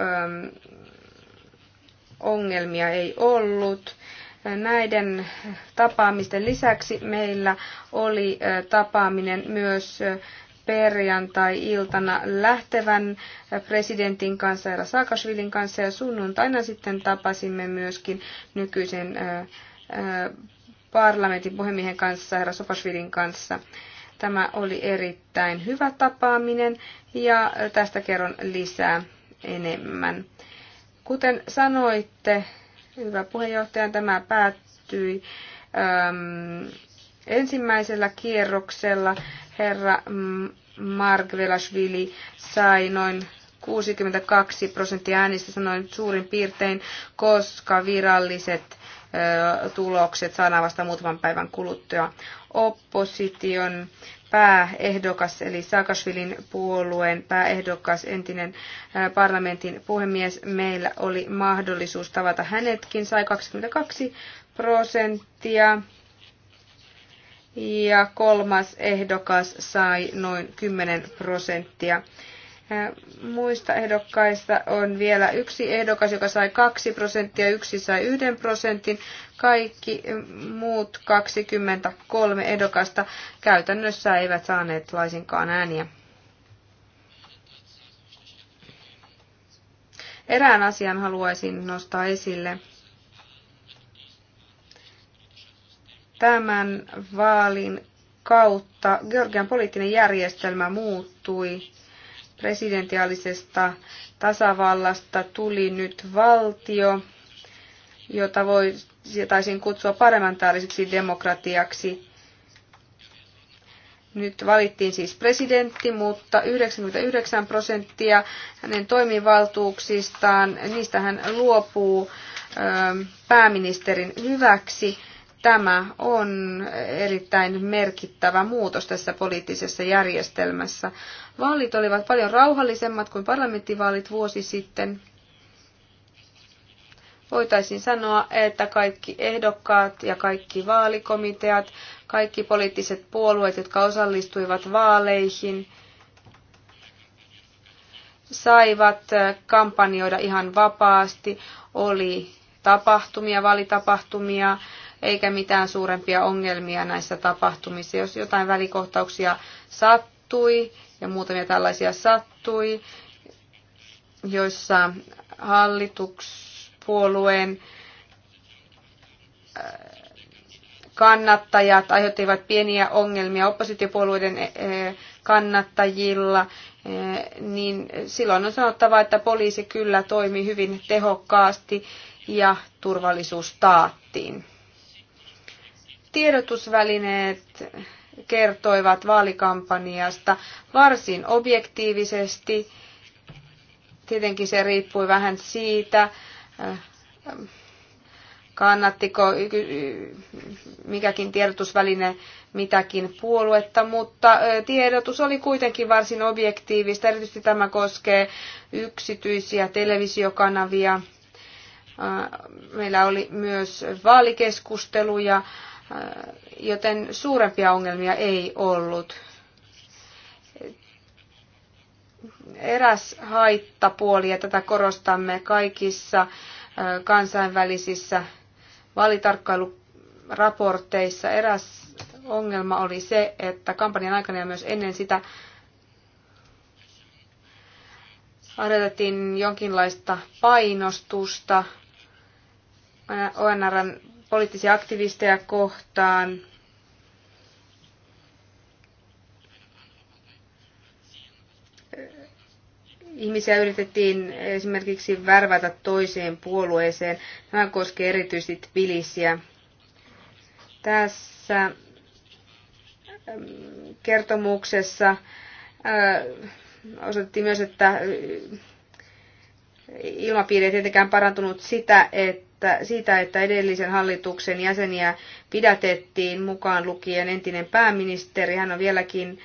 ö, ähm, ongelmia ei ollut. Näiden tapaamisten lisäksi meillä oli äh, tapaaminen myös äh, perjantai-iltana lähtevän äh, presidentin kanssa ja Saakashvilin kanssa ja sunnuntaina sitten tapasimme myöskin nykyisen parlamentin puhemiehen kanssa, herra Sopasvidin kanssa. Tämä oli erittäin hyvä tapaaminen ja tästä kerron lisää enemmän. Kuten sanoitte, hyvä puheenjohtaja, tämä päättyi äm, ensimmäisellä kierroksella. Herra Mark Velasvili sai noin 62 prosenttia äänistä, sanoin suurin piirtein, koska viralliset tulokset saadaan vasta muutaman päivän kuluttua. Opposition pääehdokas, eli Saakashvilin puolueen pääehdokas, entinen parlamentin puhemies, meillä oli mahdollisuus tavata hänetkin, sai 22 prosenttia. Ja kolmas ehdokas sai noin 10 prosenttia. Muista ehdokkaista on vielä yksi ehdokas, joka sai 2 prosenttia, yksi sai 1 prosentin, kaikki muut 23 ehdokasta käytännössä eivät saaneet laisinkaan ääniä. Erään asian haluaisin nostaa esille. Tämän vaalin kautta Georgian poliittinen järjestelmä muuttui presidentiaalisesta tasavallasta tuli nyt valtio, jota voitaisiin kutsua parlamentaariseksi demokratiaksi. Nyt valittiin siis presidentti, mutta 99 prosenttia hänen toimivaltuuksistaan, niistä hän luopuu pääministerin hyväksi. Tämä on erittäin merkittävä muutos tässä poliittisessa järjestelmässä. Vaalit olivat paljon rauhallisemmat kuin parlamenttivaalit vuosi sitten. Voitaisiin sanoa, että kaikki ehdokkaat ja kaikki vaalikomiteat, kaikki poliittiset puolueet, jotka osallistuivat vaaleihin, saivat kampanjoida ihan vapaasti. Oli tapahtumia, valitapahtumia, eikä mitään suurempia ongelmia näissä tapahtumissa. Jos jotain välikohtauksia sattui ja muutamia tällaisia sattui, joissa hallituspuolueen äh, kannattajat aiheuttivat pieniä ongelmia oppositiopuolueiden äh, kannattajilla, äh, niin silloin on sanottava, että poliisi kyllä toimi hyvin tehokkaasti ja turvallisuus taattiin. Tiedotusvälineet kertoivat vaalikampanjasta varsin objektiivisesti. Tietenkin se riippui vähän siitä, kannattiko mikäkin tiedotusväline mitäkin puoluetta, mutta tiedotus oli kuitenkin varsin objektiivista. Erityisesti tämä koskee yksityisiä televisiokanavia. Meillä oli myös vaalikeskusteluja Äh, joten suurempia ongelmia ei ollut. Eräs haittapuoli, ja tätä korostamme kaikissa äh, kansainvälisissä valitarkkailuraporteissa. eräs ongelma oli se, että kampanjan aikana ja myös ennen sitä harjoitettiin jonkinlaista painostusta ONRn poliittisia aktivisteja kohtaan. Ihmisiä yritettiin esimerkiksi värvätä toiseen puolueeseen. Tämä koskee erityisesti Tbilisiä. Tässä ähm, kertomuksessa äh, osoitettiin myös, että äh, ilmapiiri ei tietenkään parantunut sitä, että että, siitä, että edellisen hallituksen jäseniä pidätettiin mukaan lukien entinen pääministeri. Hän on vieläkin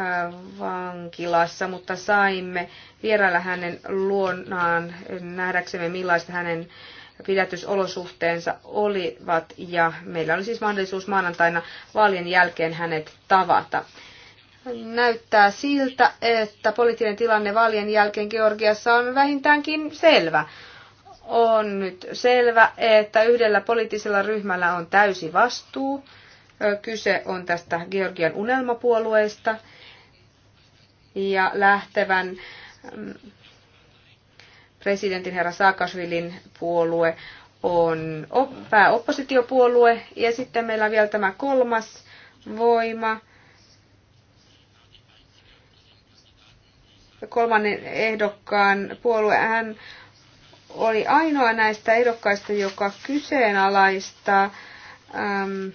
äh, vankilassa, mutta saimme vierailla hänen luonaan nähdäksemme millaista hänen pidätysolosuhteensa olivat ja meillä oli siis mahdollisuus maanantaina vaalien jälkeen hänet tavata. Näyttää siltä, että poliittinen tilanne vaalien jälkeen Georgiassa on vähintäänkin selvä on nyt selvä, että yhdellä poliittisella ryhmällä on täysi vastuu. Kyse on tästä Georgian unelmapuolueesta ja lähtevän mm, presidentin herra Saakashvilin puolue on pääoppositiopuolue. Ja sitten meillä on vielä tämä kolmas voima, kolmannen ehdokkaan puolue. Hän oli ainoa näistä ehdokkaista, joka kyseenalaistaa äm,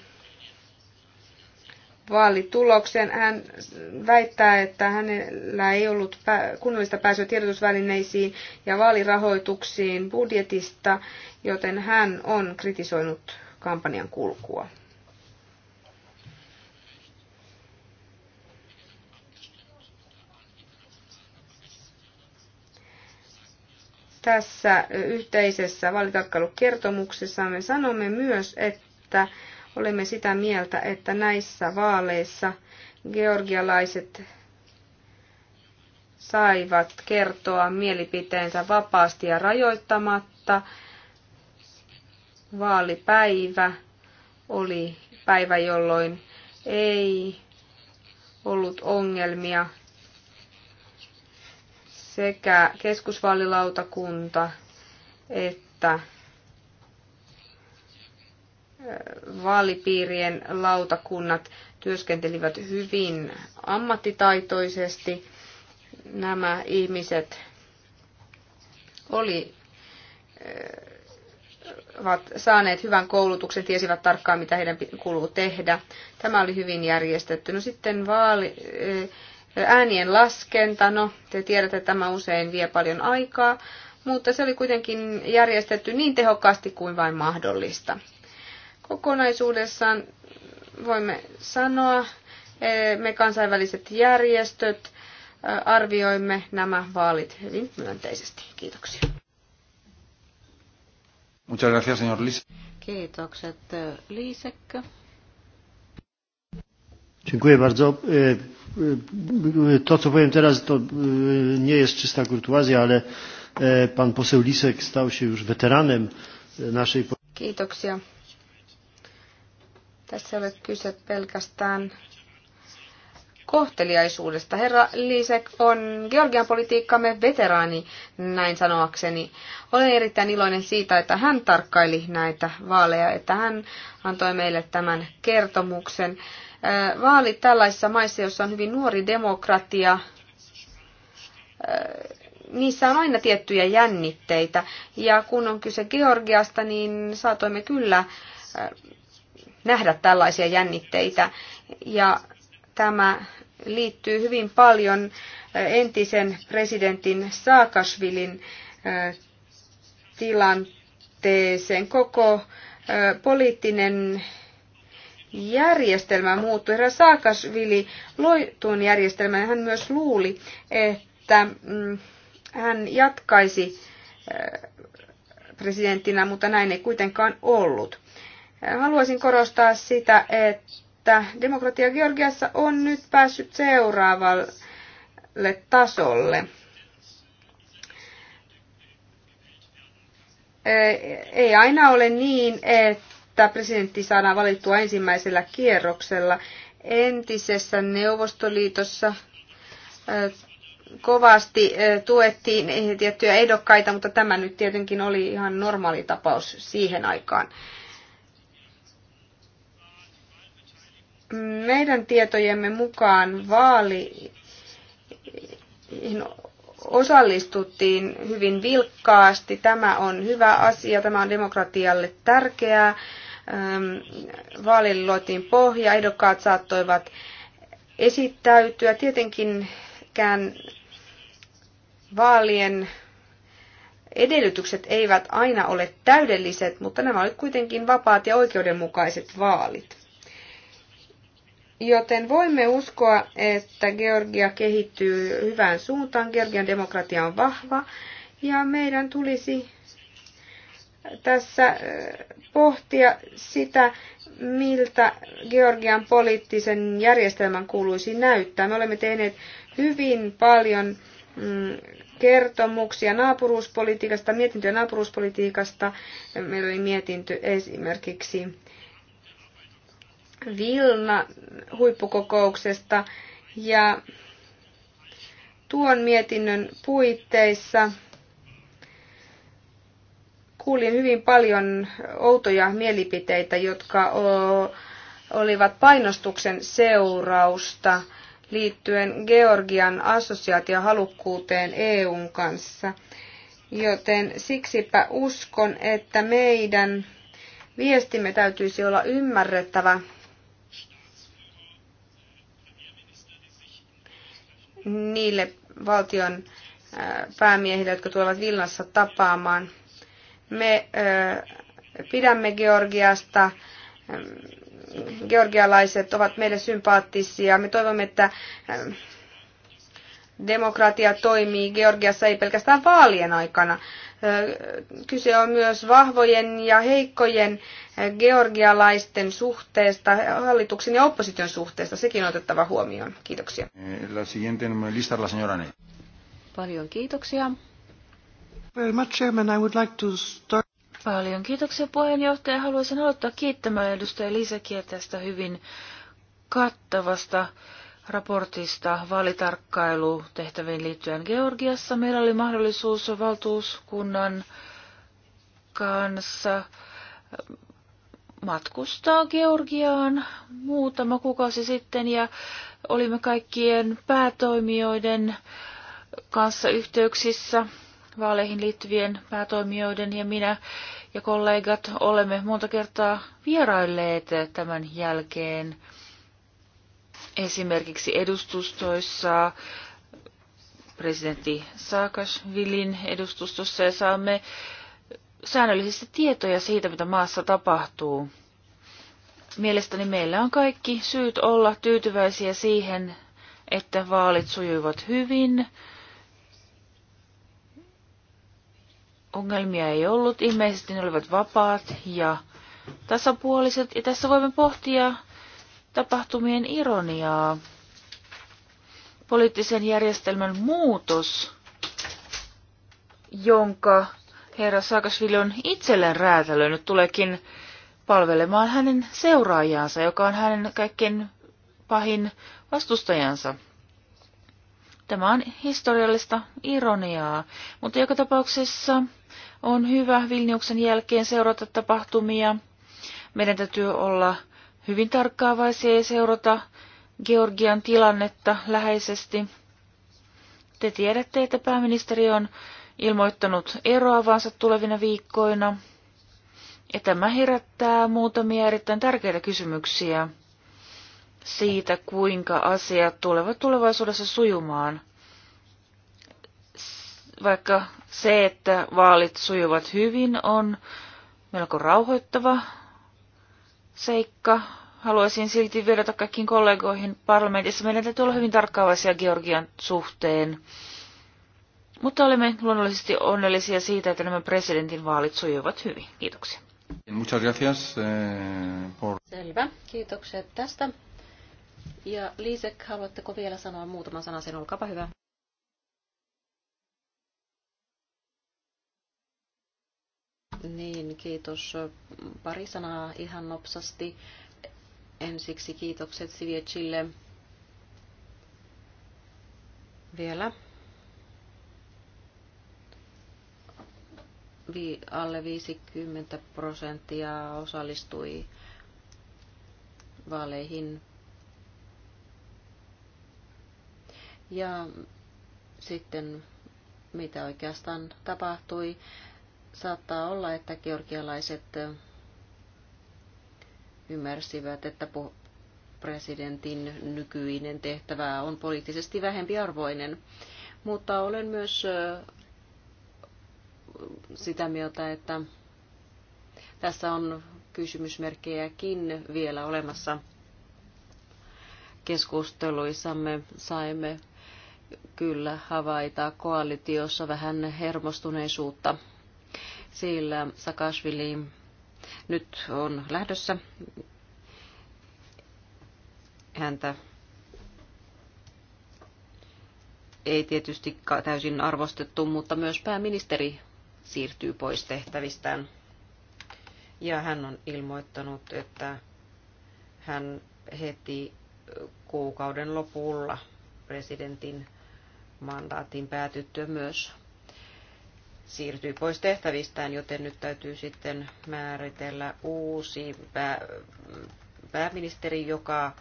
vaalituloksen. Hän väittää, että hänellä ei ollut kunnollista pääsyä tiedotusvälineisiin ja vaalirahoituksiin budjetista, joten hän on kritisoinut kampanjan kulkua. Tässä yhteisessä vaalitarkkailukertomuksessa me sanomme myös, että olemme sitä mieltä, että näissä vaaleissa georgialaiset saivat kertoa mielipiteensä vapaasti ja rajoittamatta. Vaalipäivä oli päivä, jolloin ei ollut ongelmia sekä keskusvaalilautakunta että vaalipiirien lautakunnat työskentelivät hyvin ammattitaitoisesti. Nämä ihmiset oli, ovat saaneet hyvän koulutuksen, tiesivät tarkkaan, mitä heidän kuuluu tehdä. Tämä oli hyvin järjestetty. No sitten vaali, äänien laskenta. No, te tiedätte, että tämä usein vie paljon aikaa, mutta se oli kuitenkin järjestetty niin tehokkaasti kuin vain mahdollista. Kokonaisuudessaan voimme sanoa, e, me kansainväliset järjestöt e, arvioimme nämä vaalit hyvin myönteisesti. Kiitoksia.
Muchas gracias, señor Lise.
Kiitokset,
Liisekö.
Dziękuję bardzo. E, e, to, co powiem teraz, to e, nie jest czysta kurtuazja, ale pan poseł Lisek stał się już weteranem naszej...
Kiitoksia. Tässä ei kyse pelkästään kohteliaisuudesta. Herra Lisek on Georgian politiikkamme veteraani, näin sanoakseni. Olen erittäin iloinen siitä, että hän tarkkaili näitä vaaleja, että hän antoi meille tämän kertomuksen vaalit tällaisissa maissa, joissa on hyvin nuori demokratia, niissä on aina tiettyjä jännitteitä. Ja kun on kyse Georgiasta, niin saatoimme kyllä nähdä tällaisia jännitteitä. Ja tämä liittyy hyvin paljon entisen presidentin Saakashvilin tilanteeseen. Koko poliittinen järjestelmä muuttui. Herra Saakasvili loi tuon järjestelmän ja hän myös luuli, että mm, hän jatkaisi äh, presidenttinä, mutta näin ei kuitenkaan ollut. Äh, haluaisin korostaa sitä, että demokratia Georgiassa on nyt päässyt seuraavalle tasolle. Äh, ei aina ole niin, että että presidentti saadaan valittua ensimmäisellä kierroksella. Entisessä Neuvostoliitossa kovasti tuettiin tiettyjä ehdokkaita, mutta tämä nyt tietenkin oli ihan normaali tapaus siihen aikaan. Meidän tietojemme mukaan vaali osallistuttiin hyvin vilkkaasti. Tämä on hyvä asia, tämä on demokratialle tärkeää. Vaalille luotiin pohja, ehdokkaat saattoivat esittäytyä. Tietenkinkään vaalien edellytykset eivät aina ole täydelliset, mutta nämä olivat kuitenkin vapaat ja oikeudenmukaiset vaalit. Joten voimme uskoa, että Georgia kehittyy hyvään suuntaan, Georgian demokratia on vahva ja meidän tulisi tässä pohtia sitä, miltä Georgian poliittisen järjestelmän kuuluisi näyttää. Me olemme tehneet hyvin paljon mm, kertomuksia naapuruuspolitiikasta, mietintöjä naapuruuspolitiikasta. Meillä oli mietintö esimerkiksi Vilna huippukokouksesta ja tuon mietinnön puitteissa kuulin hyvin paljon outoja mielipiteitä, jotka olivat painostuksen seurausta liittyen Georgian assosiaatiohalukkuuteen EUn kanssa. Joten siksipä uskon, että meidän viestimme täytyisi olla ymmärrettävä niille valtion äh, päämiehille, jotka tulevat Vilnassa tapaamaan. Me äh, pidämme Georgiasta. Ähm, georgialaiset ovat meille sympaattisia. Me toivomme, että ähm, demokratia toimii Georgiassa ei pelkästään vaalien aikana. Kyse on myös vahvojen ja heikkojen georgialaisten suhteesta, hallituksen ja opposition suhteesta. Sekin on otettava huomioon. Kiitoksia. Eh,
la siguiente lista la señora
Paljon kiitoksia.
Very much, Chairman. I would like to start... Paljon kiitoksia puheenjohtaja. Haluaisin aloittaa kiittämään edustaja Lisäkiä tästä hyvin kattavasta raportista tehtäviin liittyen Georgiassa. Meillä oli mahdollisuus valtuuskunnan kanssa äh, matkustaa Georgiaan muutama kuukausi sitten ja olimme kaikkien päätoimijoiden kanssa yhteyksissä, vaaleihin liittyvien päätoimijoiden ja minä ja kollegat olemme monta kertaa vierailleet tämän jälkeen esimerkiksi edustustoissa, presidentti Saakashvilin edustustossa ja saamme säännöllisesti tietoja siitä, mitä maassa tapahtuu. Mielestäni meillä on kaikki syyt olla tyytyväisiä siihen, että vaalit sujuivat hyvin. Ongelmia ei ollut, ilmeisesti ne olivat vapaat ja tasapuoliset. Ja tässä voimme pohtia tapahtumien ironiaa. Poliittisen järjestelmän muutos, jonka herra Saakasvili on itselleen räätälöinyt, tuleekin palvelemaan hänen seuraajansa, joka on hänen kaikkein pahin vastustajansa. Tämä on historiallista ironiaa, mutta joka tapauksessa on hyvä Vilniuksen jälkeen seurata tapahtumia. Meidän täytyy olla hyvin tarkkaavaisia ja seurata Georgian tilannetta läheisesti. Te tiedätte, että pääministeri on ilmoittanut eroavansa tulevina viikkoina. Ja tämä herättää muutamia erittäin tärkeitä kysymyksiä siitä, kuinka asiat tulevat tulevaisuudessa sujumaan. Vaikka se, että vaalit sujuvat hyvin, on melko rauhoittava seikka. Haluaisin silti vedota kaikkiin kollegoihin parlamentissa. Meidän täytyy olla hyvin tarkkaavaisia Georgian suhteen. Mutta olemme luonnollisesti onnellisia siitä, että nämä presidentin vaalit sujuivat hyvin. Kiitoksia.
Muchas gracias, eh, por...
Selvä. Kiitokset tästä. Ja Liisek, haluatteko vielä sanoa muutaman sanan sen? Olkaapa hyvä. Niin, kiitos. Pari sanaa ihan nopsasti. Ensiksi kiitokset Sivietsille vielä Vi, alle 50 prosenttia osallistui vaaleihin. Ja sitten mitä oikeastaan tapahtui. Saattaa olla, että georgialaiset ymmärsivät, että presidentin nykyinen tehtävä on poliittisesti vähempiarvoinen. Mutta olen myös sitä mieltä, että tässä on kysymysmerkkejäkin vielä olemassa keskusteluissamme. Saimme kyllä havaita koalitiossa vähän hermostuneisuutta sillä Sakashvili nyt on lähdössä. Häntä ei tietysti täysin arvostettu, mutta myös pääministeri siirtyy pois tehtävistään. Ja hän on ilmoittanut, että hän heti kuukauden lopulla presidentin mandaatin päätyttyä myös siirtyy pois tehtävistään, joten nyt täytyy sitten määritellä uusi pää, pääministeri, joka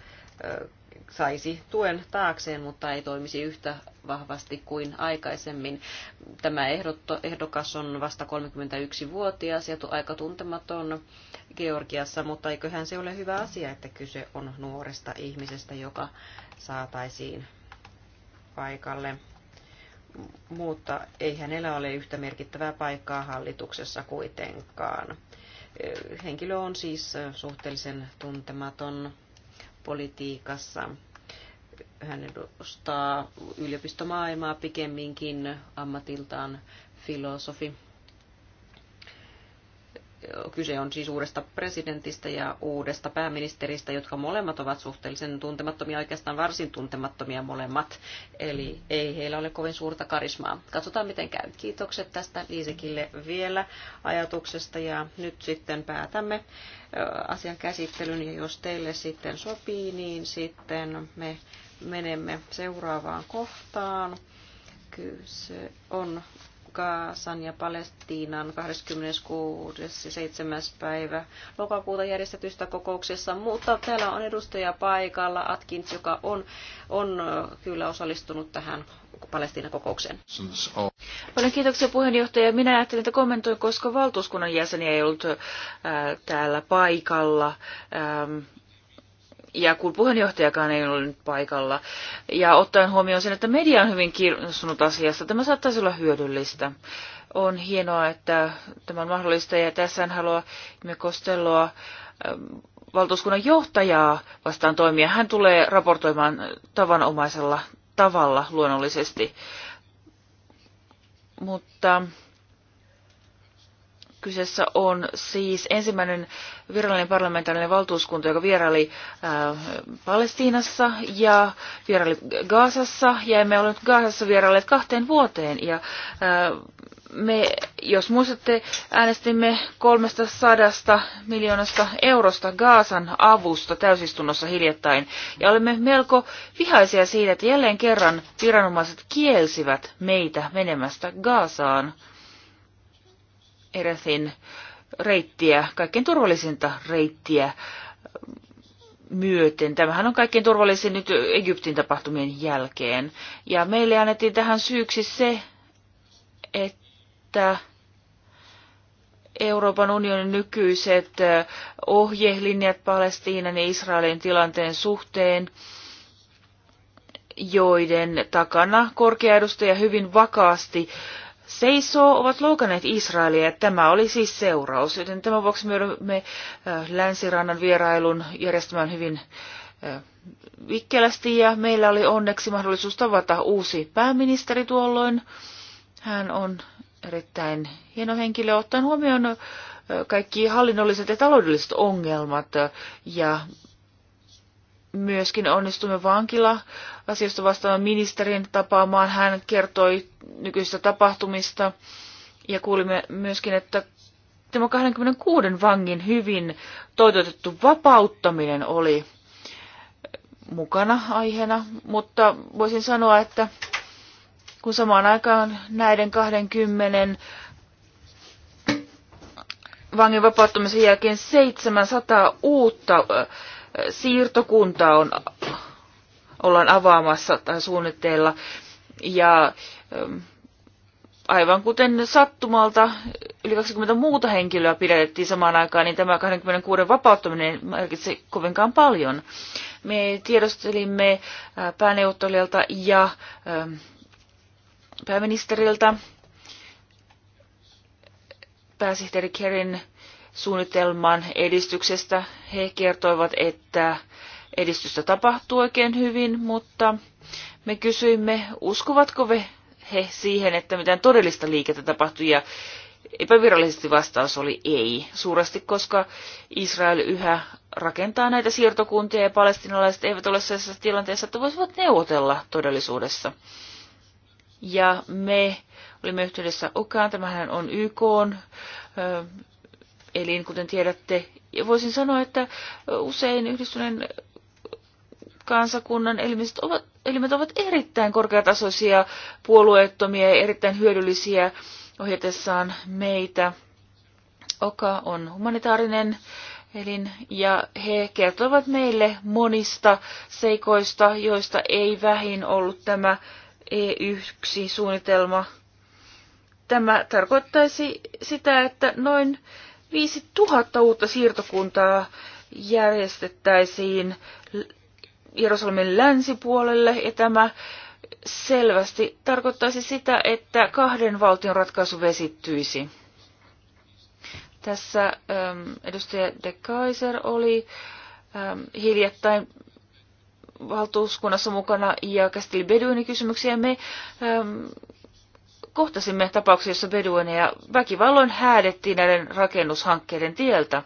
saisi tuen taakseen, mutta ei toimisi yhtä vahvasti kuin aikaisemmin. Tämä ehdotto, ehdokas on vasta 31-vuotias ja aika tuntematon Georgiassa, mutta eiköhän se ole hyvä asia, että kyse on nuoresta ihmisestä, joka saataisiin paikalle mutta ei hänellä ole yhtä merkittävää paikkaa hallituksessa kuitenkaan. Henkilö on siis suhteellisen tuntematon politiikassa. Hän edustaa yliopistomaailmaa pikemminkin ammatiltaan filosofi Kyse on siis uudesta presidentistä ja uudesta pääministeristä, jotka molemmat ovat suhteellisen tuntemattomia, oikeastaan varsin tuntemattomia molemmat. Eli ei heillä ole kovin suurta karismaa. Katsotaan miten käy. Kiitokset tästä Liisekille vielä ajatuksesta ja nyt sitten päätämme asian käsittelyn ja jos teille sitten sopii, niin sitten me menemme seuraavaan kohtaan. Kyse on Gaasan ja Palestiinan 26. ja 7. päivä lokakuuta järjestetystä kokouksessa, mutta täällä on edustaja paikalla Atkins, joka on, on kyllä
osallistunut tähän Palestiinan kokoukseen. Paljon kiitoksia puheenjohtaja. Minä ajattelin, että kommentoin, koska valtuuskunnan jäseniä ei ollut äh, täällä paikalla. Ähm, ja kun puheenjohtajakaan ei ole nyt paikalla, ja ottaen huomioon sen, että media on hyvin kiinnostunut asiasta, tämä saattaisi olla hyödyllistä. On hienoa, että tämä on mahdollista, ja tässä en halua me Kostelloa ähm, valtuuskunnan johtajaa vastaan toimia. Hän tulee raportoimaan tavanomaisella tavalla luonnollisesti. Mutta Kyseessä on siis ensimmäinen virallinen parlamentaarinen valtuuskunta, joka vieraili äh, Palestiinassa ja vieraili Gaasassa. Ja emme ole nyt Gaasassa vierailleet kahteen vuoteen. Ja, äh, me, jos muistatte, äänestimme 300 miljoonasta eurosta Gaasan avusta täysistunnossa hiljattain, ja olemme melko vihaisia siitä, että jälleen kerran viranomaiset kielsivät meitä menemästä Gaasaan eräsin reittiä, kaikkein turvallisinta reittiä myöten. Tämähän on kaikkein turvallisin nyt Egyptin tapahtumien jälkeen. Ja meille annettiin tähän syyksi se, että Euroopan unionin nykyiset ohjelinjat Palestiinan ja Israelin tilanteen suhteen, joiden takana korkea edustaja hyvin vakaasti seisoo, ovat loukanneet Israelia. Tämä oli siis seuraus, joten tämän vuoksi me olemme länsirannan vierailun järjestämään hyvin vikkelästi ja meillä oli onneksi mahdollisuus tavata uusi pääministeri tuolloin. Hän on erittäin hieno henkilö ottaen huomioon kaikki hallinnolliset ja taloudelliset ongelmat ja myöskin onnistumme vankila asiasta vastaavan ministerin tapaamaan. Hän kertoi nykyistä tapahtumista ja kuulimme myöskin, että tämä 26 vangin hyvin toitotettu vapauttaminen oli mukana aiheena, mutta voisin sanoa, että kun samaan aikaan näiden 20 vangin vapauttamisen jälkeen 700 uutta siirtokunta on, ollaan avaamassa tai suunnitteilla. Ja ähm, aivan kuten sattumalta yli 20 muuta henkilöä pidätettiin samaan aikaan, niin tämä 26 vapauttaminen merkitsi kovinkaan paljon. Me tiedostelimme äh, pääneuvottelijalta ja ähm, pääministeriltä pääsihteeri Kerin suunnitelman edistyksestä. He kertoivat, että edistystä tapahtuu oikein hyvin, mutta me kysyimme, uskovatko he siihen, että mitään todellista liikettä tapahtui, ja epävirallisesti vastaus oli ei, suuresti koska Israel yhä rakentaa näitä siirtokuntia ja palestinalaiset eivät ole sellaisessa tilanteessa, että voisivat neuvotella todellisuudessa. Ja me olimme yhteydessä Ukaan, tämähän on YK on, elin, kuten tiedätte. Ja voisin sanoa, että usein yhdistyneen kansakunnan elimet ovat, elimet ovat erittäin korkeatasoisia, puolueettomia ja erittäin hyödyllisiä ohjatessaan meitä. Oka on humanitaarinen elin ja he kertovat meille monista seikoista, joista ei vähin ollut tämä E1-suunnitelma. Tämä tarkoittaisi sitä, että noin 5000 uutta siirtokuntaa järjestettäisiin Jerusalemin länsipuolelle ja tämä selvästi tarkoittaisi sitä, että kahden valtion ratkaisu vesittyisi. Tässä äm, edustaja De Kaiser oli äm, hiljattain valtuuskunnassa mukana ja käsitteli beduini kysymyksiä. Me äm, kohtasimme tapauksia, jossa beduineja väkivalloin häädettiin näiden rakennushankkeiden tieltä.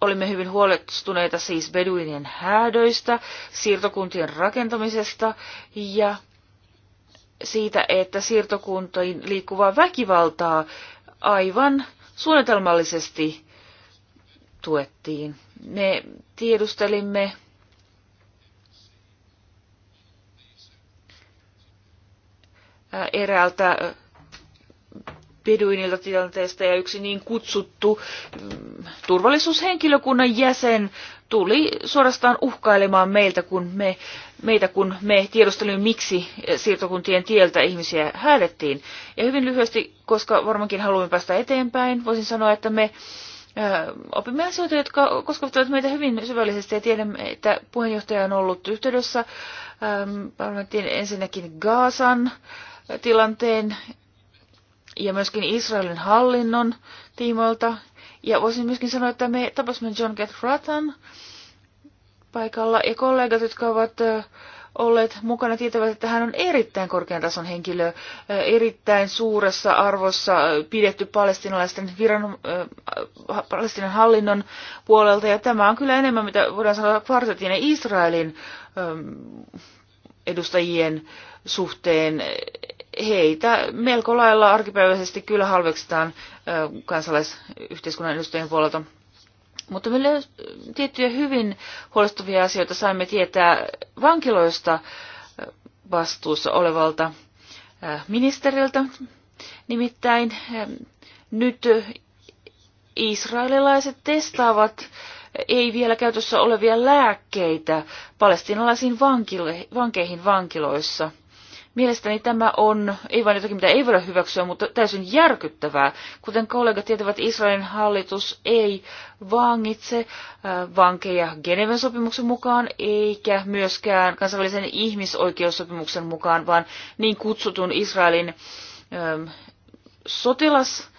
Olimme hyvin huolestuneita siis beduinien häädöistä, siirtokuntien rakentamisesta ja siitä, että siirtokuntiin liikkuvaa väkivaltaa aivan suunnitelmallisesti tuettiin. Me tiedustelimme eräältä beduinilta tilanteesta ja yksi niin kutsuttu turvallisuushenkilökunnan jäsen tuli suorastaan uhkailemaan meiltä, kun me, meitä, kun me tiedustelimme, miksi siirtokuntien tieltä ihmisiä häädettiin. Ja hyvin lyhyesti, koska varmaankin haluamme päästä eteenpäin, voisin sanoa, että me opimme asioita, jotka koskettavat meitä hyvin syvällisesti ja tiedämme, että puheenjohtaja on ollut yhteydessä parlamenttiin ensinnäkin Gaasan tilanteen ja myöskin Israelin hallinnon tiimoilta. Ja voisin myöskin sanoa, että me tapasimme John Gathratan paikalla ja kollegat, jotka ovat olleet mukana, tietävät, että hän on erittäin korkean tason henkilö, erittäin suuressa arvossa pidetty palestinalaisten viran, äh, palestinan hallinnon puolelta. Ja tämä on kyllä enemmän, mitä voidaan sanoa kvartetin ja Israelin äh, edustajien suhteen heitä melko lailla arkipäiväisesti kyllä halveksitaan kansalaisyhteiskunnan edustajien puolelta. Mutta meillä tiettyjä hyvin huolestuvia asioita saimme tietää vankiloista vastuussa olevalta ministeriltä. Nimittäin nyt israelilaiset testaavat ei vielä käytössä olevia lääkkeitä palestinalaisiin vankeihin vankiloissa. Mielestäni tämä on, ei vain jotakin, mitä ei voida hyväksyä, mutta täysin järkyttävää. Kuten kollegat tietävät, Israelin hallitus ei vangitse äh, vankeja Geneven sopimuksen mukaan, eikä myöskään kansainvälisen ihmisoikeussopimuksen mukaan, vaan niin kutsutun Israelin äm, sotilas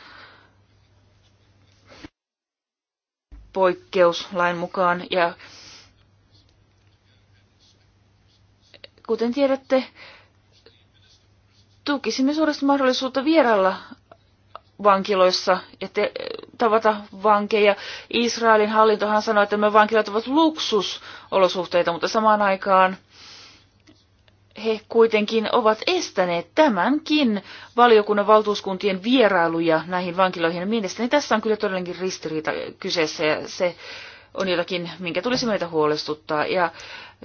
poikkeuslain mukaan. Ja kuten tiedätte, tukisimme suuresta mahdollisuutta vierailla vankiloissa ja te, tavata vankeja. Israelin hallintohan sanoi, että nämä vankilat ovat luksusolosuhteita, mutta samaan aikaan he kuitenkin ovat estäneet tämänkin valiokunnan valtuuskuntien vierailuja näihin vankiloihin. Mielestäni tässä on kyllä todellakin ristiriita kyseessä ja se on jotakin, minkä tulisi meitä huolestuttaa. Ja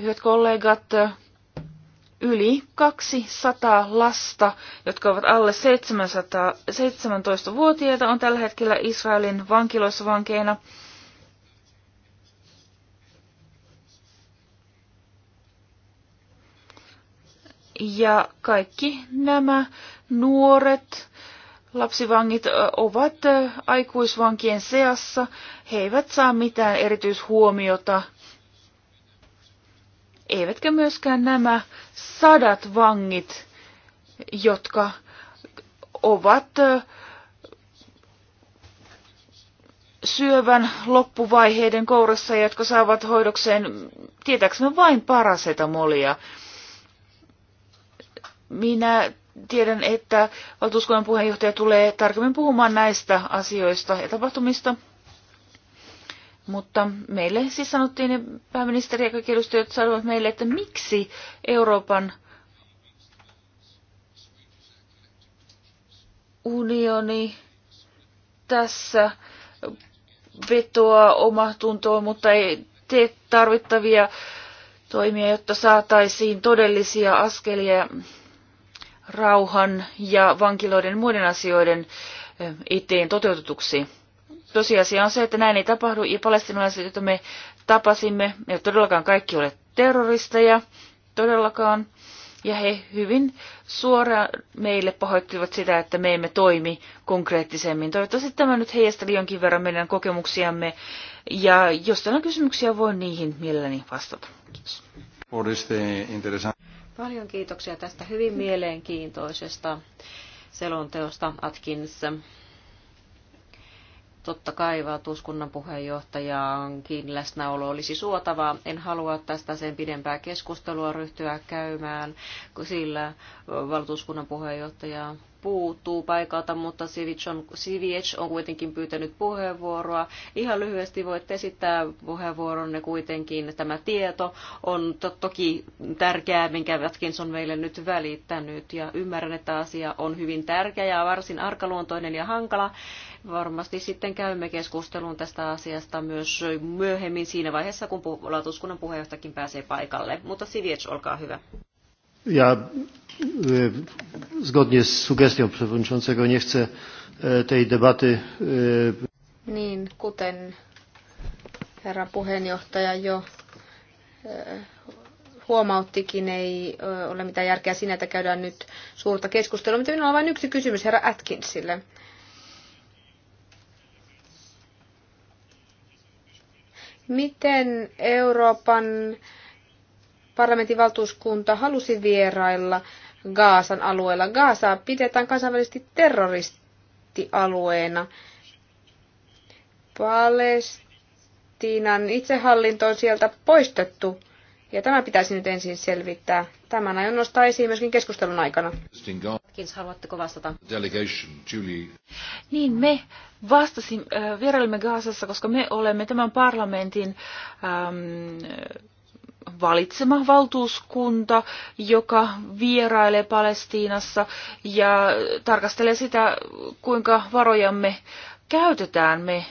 hyvät kollegat, yli 200 lasta, jotka ovat alle 700, 17-vuotiaita, on tällä hetkellä Israelin vankiloissa vankeina. Ja kaikki nämä nuoret lapsivangit ovat aikuisvankien seassa. He eivät saa mitään erityishuomiota – eivätkä myöskään nämä sadat vangit, jotka ovat syövän loppuvaiheiden kourassa, jotka saavat hoidokseen tietääksemme vain parasetamolia. Minä tiedän, että valtuuskunnan puheenjohtaja tulee tarkemmin puhumaan näistä asioista ja tapahtumista mutta meille siis sanottiin, ja pääministeri ja kaikki edustajat sanoivat meille, että miksi Euroopan unioni tässä vetoaa omatuntoon, mutta ei tee tarvittavia toimia, jotta saataisiin todellisia askelia rauhan ja vankiloiden muiden asioiden eh, eteen toteutetuksi tosiasia on se, että näin ei tapahdu, ja palestinalaiset, joita me tapasimme, eivät todellakaan kaikki ole terroristeja, todellakaan, ja he hyvin suoraan meille pahoittivat sitä, että me emme toimi konkreettisemmin. Toivottavasti tämä nyt heijasteli jonkin verran meidän kokemuksiamme, ja jos teillä on kysymyksiä, voin niihin mielelläni vastata. Kiitos.
Paljon kiitoksia tästä hyvin mielenkiintoisesta selonteosta, Atkins. Totta kai valtuuskunnan puheenjohtajankin läsnäolo olisi suotavaa. En halua tästä sen pidempää keskustelua ryhtyä käymään, sillä valtuuskunnan puheenjohtaja puuttuu paikalta, mutta Sivic on, Sivic on kuitenkin pyytänyt puheenvuoroa. Ihan lyhyesti voitte esittää puheenvuoronne kuitenkin. Tämä tieto on to- toki tärkeää, minkä Watkins on meille nyt välittänyt. Ja ymmärrän, että asia on hyvin tärkeä ja varsin arkaluontoinen ja hankala. Varmasti sitten käymme keskustelun tästä asiasta myös myöhemmin siinä vaiheessa, kun valtuuskunnan puheenjohtajakin pääsee paikalle. Mutta Siviec, olkaa hyvä.
Ja e, zgodnie z sugestią przewodniczącego nie chcę e, tej debaty... E,
niin, kuten herra puheenjohtaja jo huomauttikin, ei ole mitään järkeä siinä, että käydään nyt suurta keskustelua. Mutta minulla on vain yksi kysymys herra Atkinsille. Miten Euroopan parlamentin valtuuskunta halusi vierailla Gaasan alueella? Gaasaa pidetään kansainvälisesti terroristialueena. Palestiinan itsehallinto on sieltä poistettu ja tämä pitäisi nyt ensin selvittää. Tämän
aion nostaa esiin myöskin keskustelun aikana. Kins, haluatteko vastata? Niin, me vastasin, äh, vierailimme Gaasassa, koska me olemme tämän parlamentin ähm, valitsema valtuuskunta, joka vierailee Palestiinassa ja tarkastelee sitä, kuinka varojamme käytetään. Me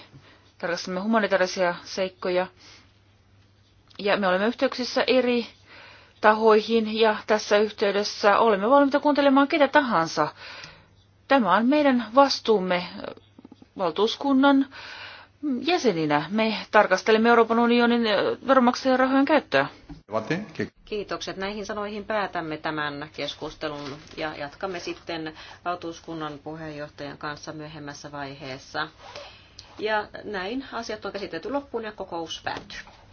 tarkastamme humanitaarisia seikkoja ja me olemme yhteyksissä eri tahoihin ja tässä yhteydessä olemme valmiita kuuntelemaan ketä tahansa. Tämä on meidän vastuumme valtuuskunnan jäseninä. Me tarkastelemme Euroopan unionin veronmaksajan rahojen käyttöä. Kiitokset. Näihin sanoihin päätämme
tämän keskustelun ja jatkamme sitten valtuuskunnan puheenjohtajan kanssa myöhemmässä vaiheessa. Ja näin asiat on käsitelty loppuun ja kokous
päättyy.